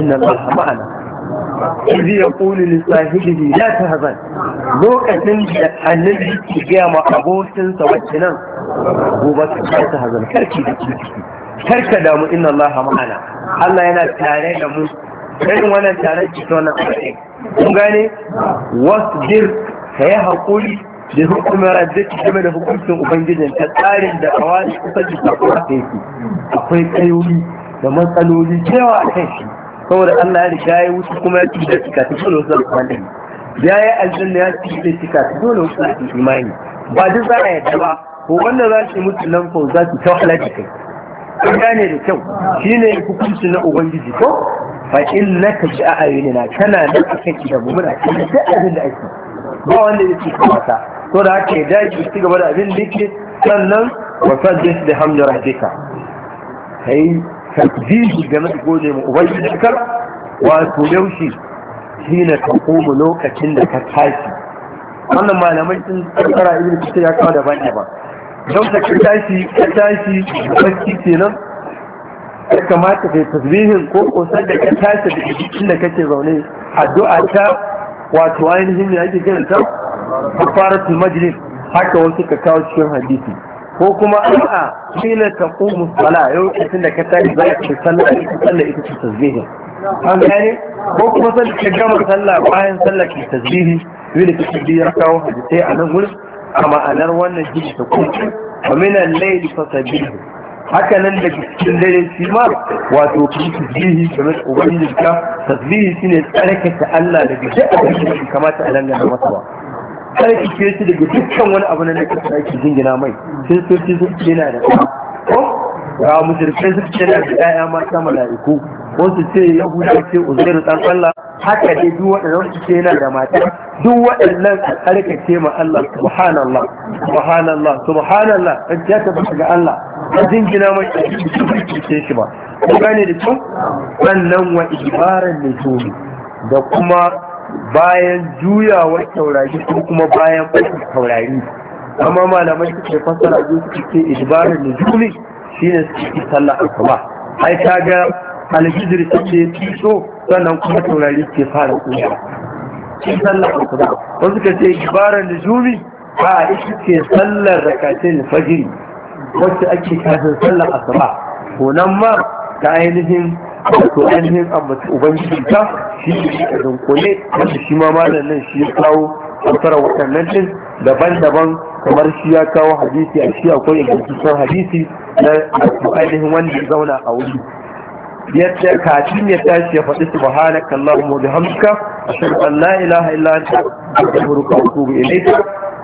inna Allah ma'ana ƙuli إذ يقول لصاحبه ta تهزن lokacin da annabi ke gaya ma abokinsa wacce nan gobe ka ta hazan karki da ciki karka damu inna Allah ma'ana Allah yana tare da mu irin wannan tare ki to nan kun gane wasbir kai hakuri da hukumar rabbiki game da hukuncin ubangijin ta tsarin da kawai kusa da takwa yake akwai kayoyi da matsaloli cewa kai shi saboda Allah ya riga ya wuce kuma ya ci cika ta dole wasu zama da ya yi aljanna ya ci cika ta dole wasu zama da imani ba duk za a yadda ba ko wanda za su yi mutu nan fa za su tawala da kai an gane da kyau Shi ne hukunci na ubangiji ko fa in naka bi a'yunina kana da kake da mumuna kana da abin da ake ba wanda ya ci kamata to da haka ya dace ci gaba da abin da yake sannan wa sabbih bihamdi rabbika kai tasbihi game da gode mu ubangiji wato yaushe shi ne ka komo lokacin da ka tashi wannan malamai sun tsara ibn kasir ya kawo daban daban don ka tashi ka tashi bacci kenan ya kamata kai tasbihin ko kosar da ka tashi da jikin da kake zaune addu'a ta wato ainihin ne ake kiranta kafaratul majlis haka wasu ka kawo cikin hadisi ko kuma a'a kila ta qumu sala yau kacin da ka tashi za ka sallah ita sallah ita ce tasbihi an gane ko kuma sai ka gama sallah bayan sallah ki tasbihi da ki tasbihi ya kawo hadisi a nan gurin a ma'anar wannan jini ta qumu wa min al-layl fasabbihu haka nan da cikin dare shi ma wato kuma tasbihi kamar ubangiji ka tasbihi shine tsarkake Allah daga duk abin da kamata a nan ga masa ba tsarkake shi daga dukkan wani abu na nakasa da ake jingina mai sun soci sun ce yana da ko ga mushrikai sun ce yana da ƴaƴa mata mala'iku wasu ce yahuda ce uzairu dan Allah haka dai duk waɗannan su ce na da mata duk waɗannan a tsarkake ma Allah subhanallah subhanallah subhanallah kan ya tabbata ga Allah a jingina mai a cikin shi ba ku gane da kyau sannan wa ibaran ne da kuma bayan juyawar taurari ko kuma bayan ɓashin taurari amma malamai suke fasara, zuwa suke ijibarar da juli shi ne suke sallah asuba ai ta ga alhijir suke so sannan kuma taurari suke fara kuya shi sallah asuba wasu suka ce ijibarar da juli ba a ita ce sallar rakatin fajiri wacce ake kafin sallar asuba ko nan ma ta ainihin wato ainihin ambaci ubangiji ta shi ne a dunkule wanda shi ma malam nan shi ya kawo fassara waɗannan din daban-daban kamar shi ya kawo hadisi a shi akwai ingantaccen hadisi na ainihin wanda ya zauna a wuri yadda kafin ya tashi ya faɗi su subhanaka mu wa bihamdika a an la ilaha illa da astaghfiruka wa atubu ilayka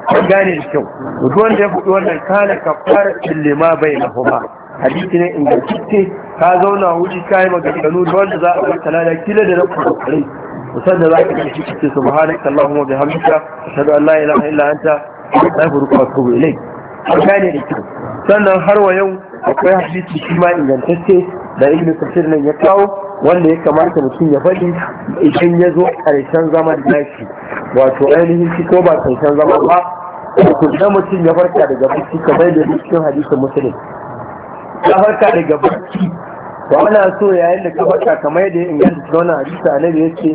an gane da kyau duk wanda ya faɗi wannan kana kafara lima bainahuma hadisi ne inda kike ka zauna huji kai maganganu da wanda za a barka lada kila da rabu kokari musan da za ka ga shi kike subhanaka allahumma bihamdika ashhadu an la ilaha illa anta astaghfiruka wa atubu ilayk an gane da kyau sannan har wa yau akwai hadisi shi ma ingantacce da ibn kasir nan ya kawo wanda ya kamata mutum ya faɗi idan ya zo ƙarshen zaman nashi wato ainihin shi ko ba ƙarshen zaman ba kuma mutum ya farka daga bacci bai da cikin hadisin musulun ka farka daga barci ba ana so yayin da ka farka kamar yadda inganta cikin wannan na annabi ce.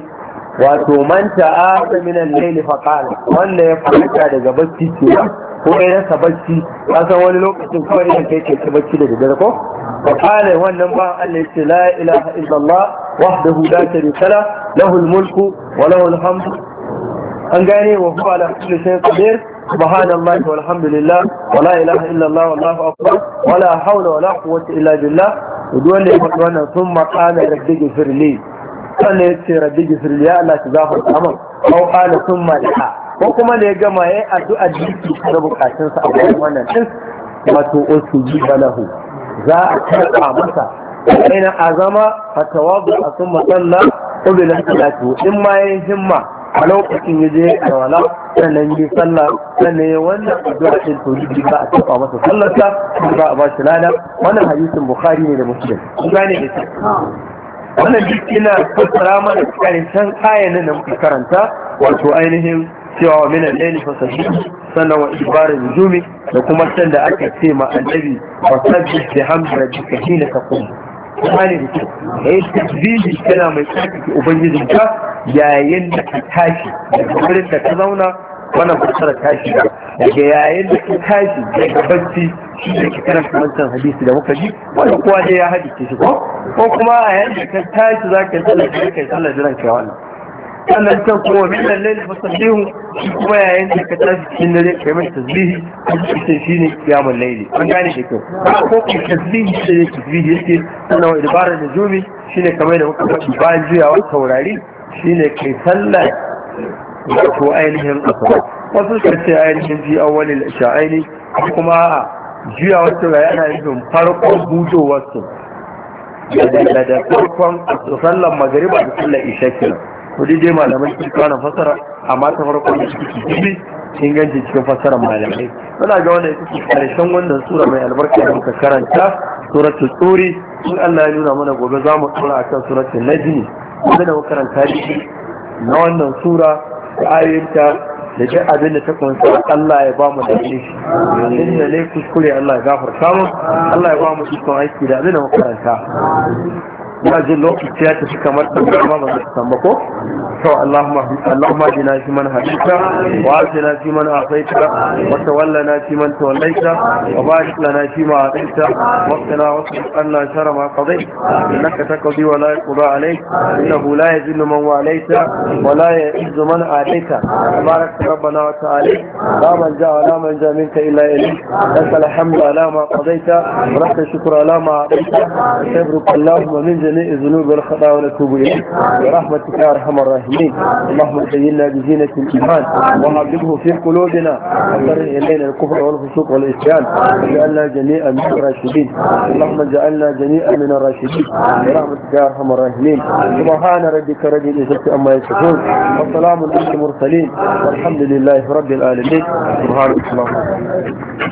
wato manta a min laili layli wanda ya farka daga barci ce ko ya rasa barci ka san wani lokacin kawai da kai ke barci da dare ko fa wannan ba Allah ya ce la ilaha illallah wahdahu la sharika la lahu almulku mulku wa lahu alhamdu an gane wa huwa ala kulli shay'in qadir سبحان الله والحمد لله ولا إله إلا الله والله أكبر ولا حول ولا قوة إلا بالله ودول يفكرون ثم قال ربي اغفر لي قال يتي ربي اغفر لي يا الله تزافر الأمر أو قال ثم لها وكما ليجمع أدعى جيكي كربك أتنسى أبوه وانا wato usuji balahu za a karɓa masa ina azama fatawabu a sun matsalla ƙubilan talatu in ma yin himma a lokacin ya je alwala sannan yi sallah sannan ya wannan addu'a din to duk ba a taba masa sallarsa ba a ba shi lada wannan hadisin bukhari ne da muslim kun gane da shi wannan duk ina fassara mana karshen ayan nan muka karanta wato ainihin cewa wa minan laili fa sannan wa ibarin jumi da kuma sanda aka ce ma annabi wa sabbih bihamdi rabbika hina taqum imani da kyau ka yi tasbihi mai tsarkake ubangijin ka yayin da ka tashi daga wurin da ka zauna wannan fassara tashi daga yayin da ka tashi daga bacci shi da ka karanta wancan hadisi da muka ji wanda kowa dai ya hadice shi ko kuma a yayin da ka tashi za ka yi sallar jiran ka wannan
أنا كان قوة منا
الليل فصليهم ويا عندك تأذي كنا ليك كمان تسبيه تسبيني قيام الليلي من قاني شكو فوق التسبيه شنة تسبيه يسكي أنا وإدبار النجومي شنة كمان وقفة شبان جوية وأكبر علي شنة كيسلة وقفوا أينهم أصلا وصلت كتير أينهم في أول الأشعائي حكما جوية وصلوا أنا عندهم فارقوا بوجو وصلوا لدى فارقوا صلى المغربة صلى إشاكنا kudi dai malamai sun kwana fasara amma ta farko da suke cikin inganci cikin fasara malamai muna ga wannan ita ce karshen wannan sura mai albarka da muka karanta suratu tsuri in Allah ya nuna mana gobe za mu tsora akan suratu najmi wanda da muka karanta shi na wannan sura da ayoyinta da duk abin da ta kunsa Allah ya ba mu da shi yanzu da ne kuskure Allah ya gafarta mu Allah ya ba mu ikon aiki da abin da muka karanta ina jin lokaci ya tafi kamar tambayar ma ba ta samu ko to Allahumma jina fi man hadita wa afina fi man afaita wa tawallana fi man tawallaita wa barik lana fi ma ataita wa qina wa qina shara ma qadait innaka taqdi wa la yuqda alayk innahu la yazillu man walaita wa la yu'izzu man ataita tabarak rabbana wa ta'ala la manja wa la manja minka illa ilayk lak alhamdu ala ma qadaita wa lak shukru ala ma ataita tabrik Allahumma min جميع الذنوب والخطا ونتوب اليك برحمتك يا ارحم الراحمين اللهم زينا بزينة الايمان وعذبه في قلوبنا وقر الينا الكفر والفسوق والعصيان واجعلنا جميعا من الراشدين اللهم اجعلنا جميعا من الراشدين برحمتك يا ارحم الراحمين سبحان ربك رب العزة عما يصفون وسلام على المرسلين والحمد لله رب العالمين سبحانك اللهم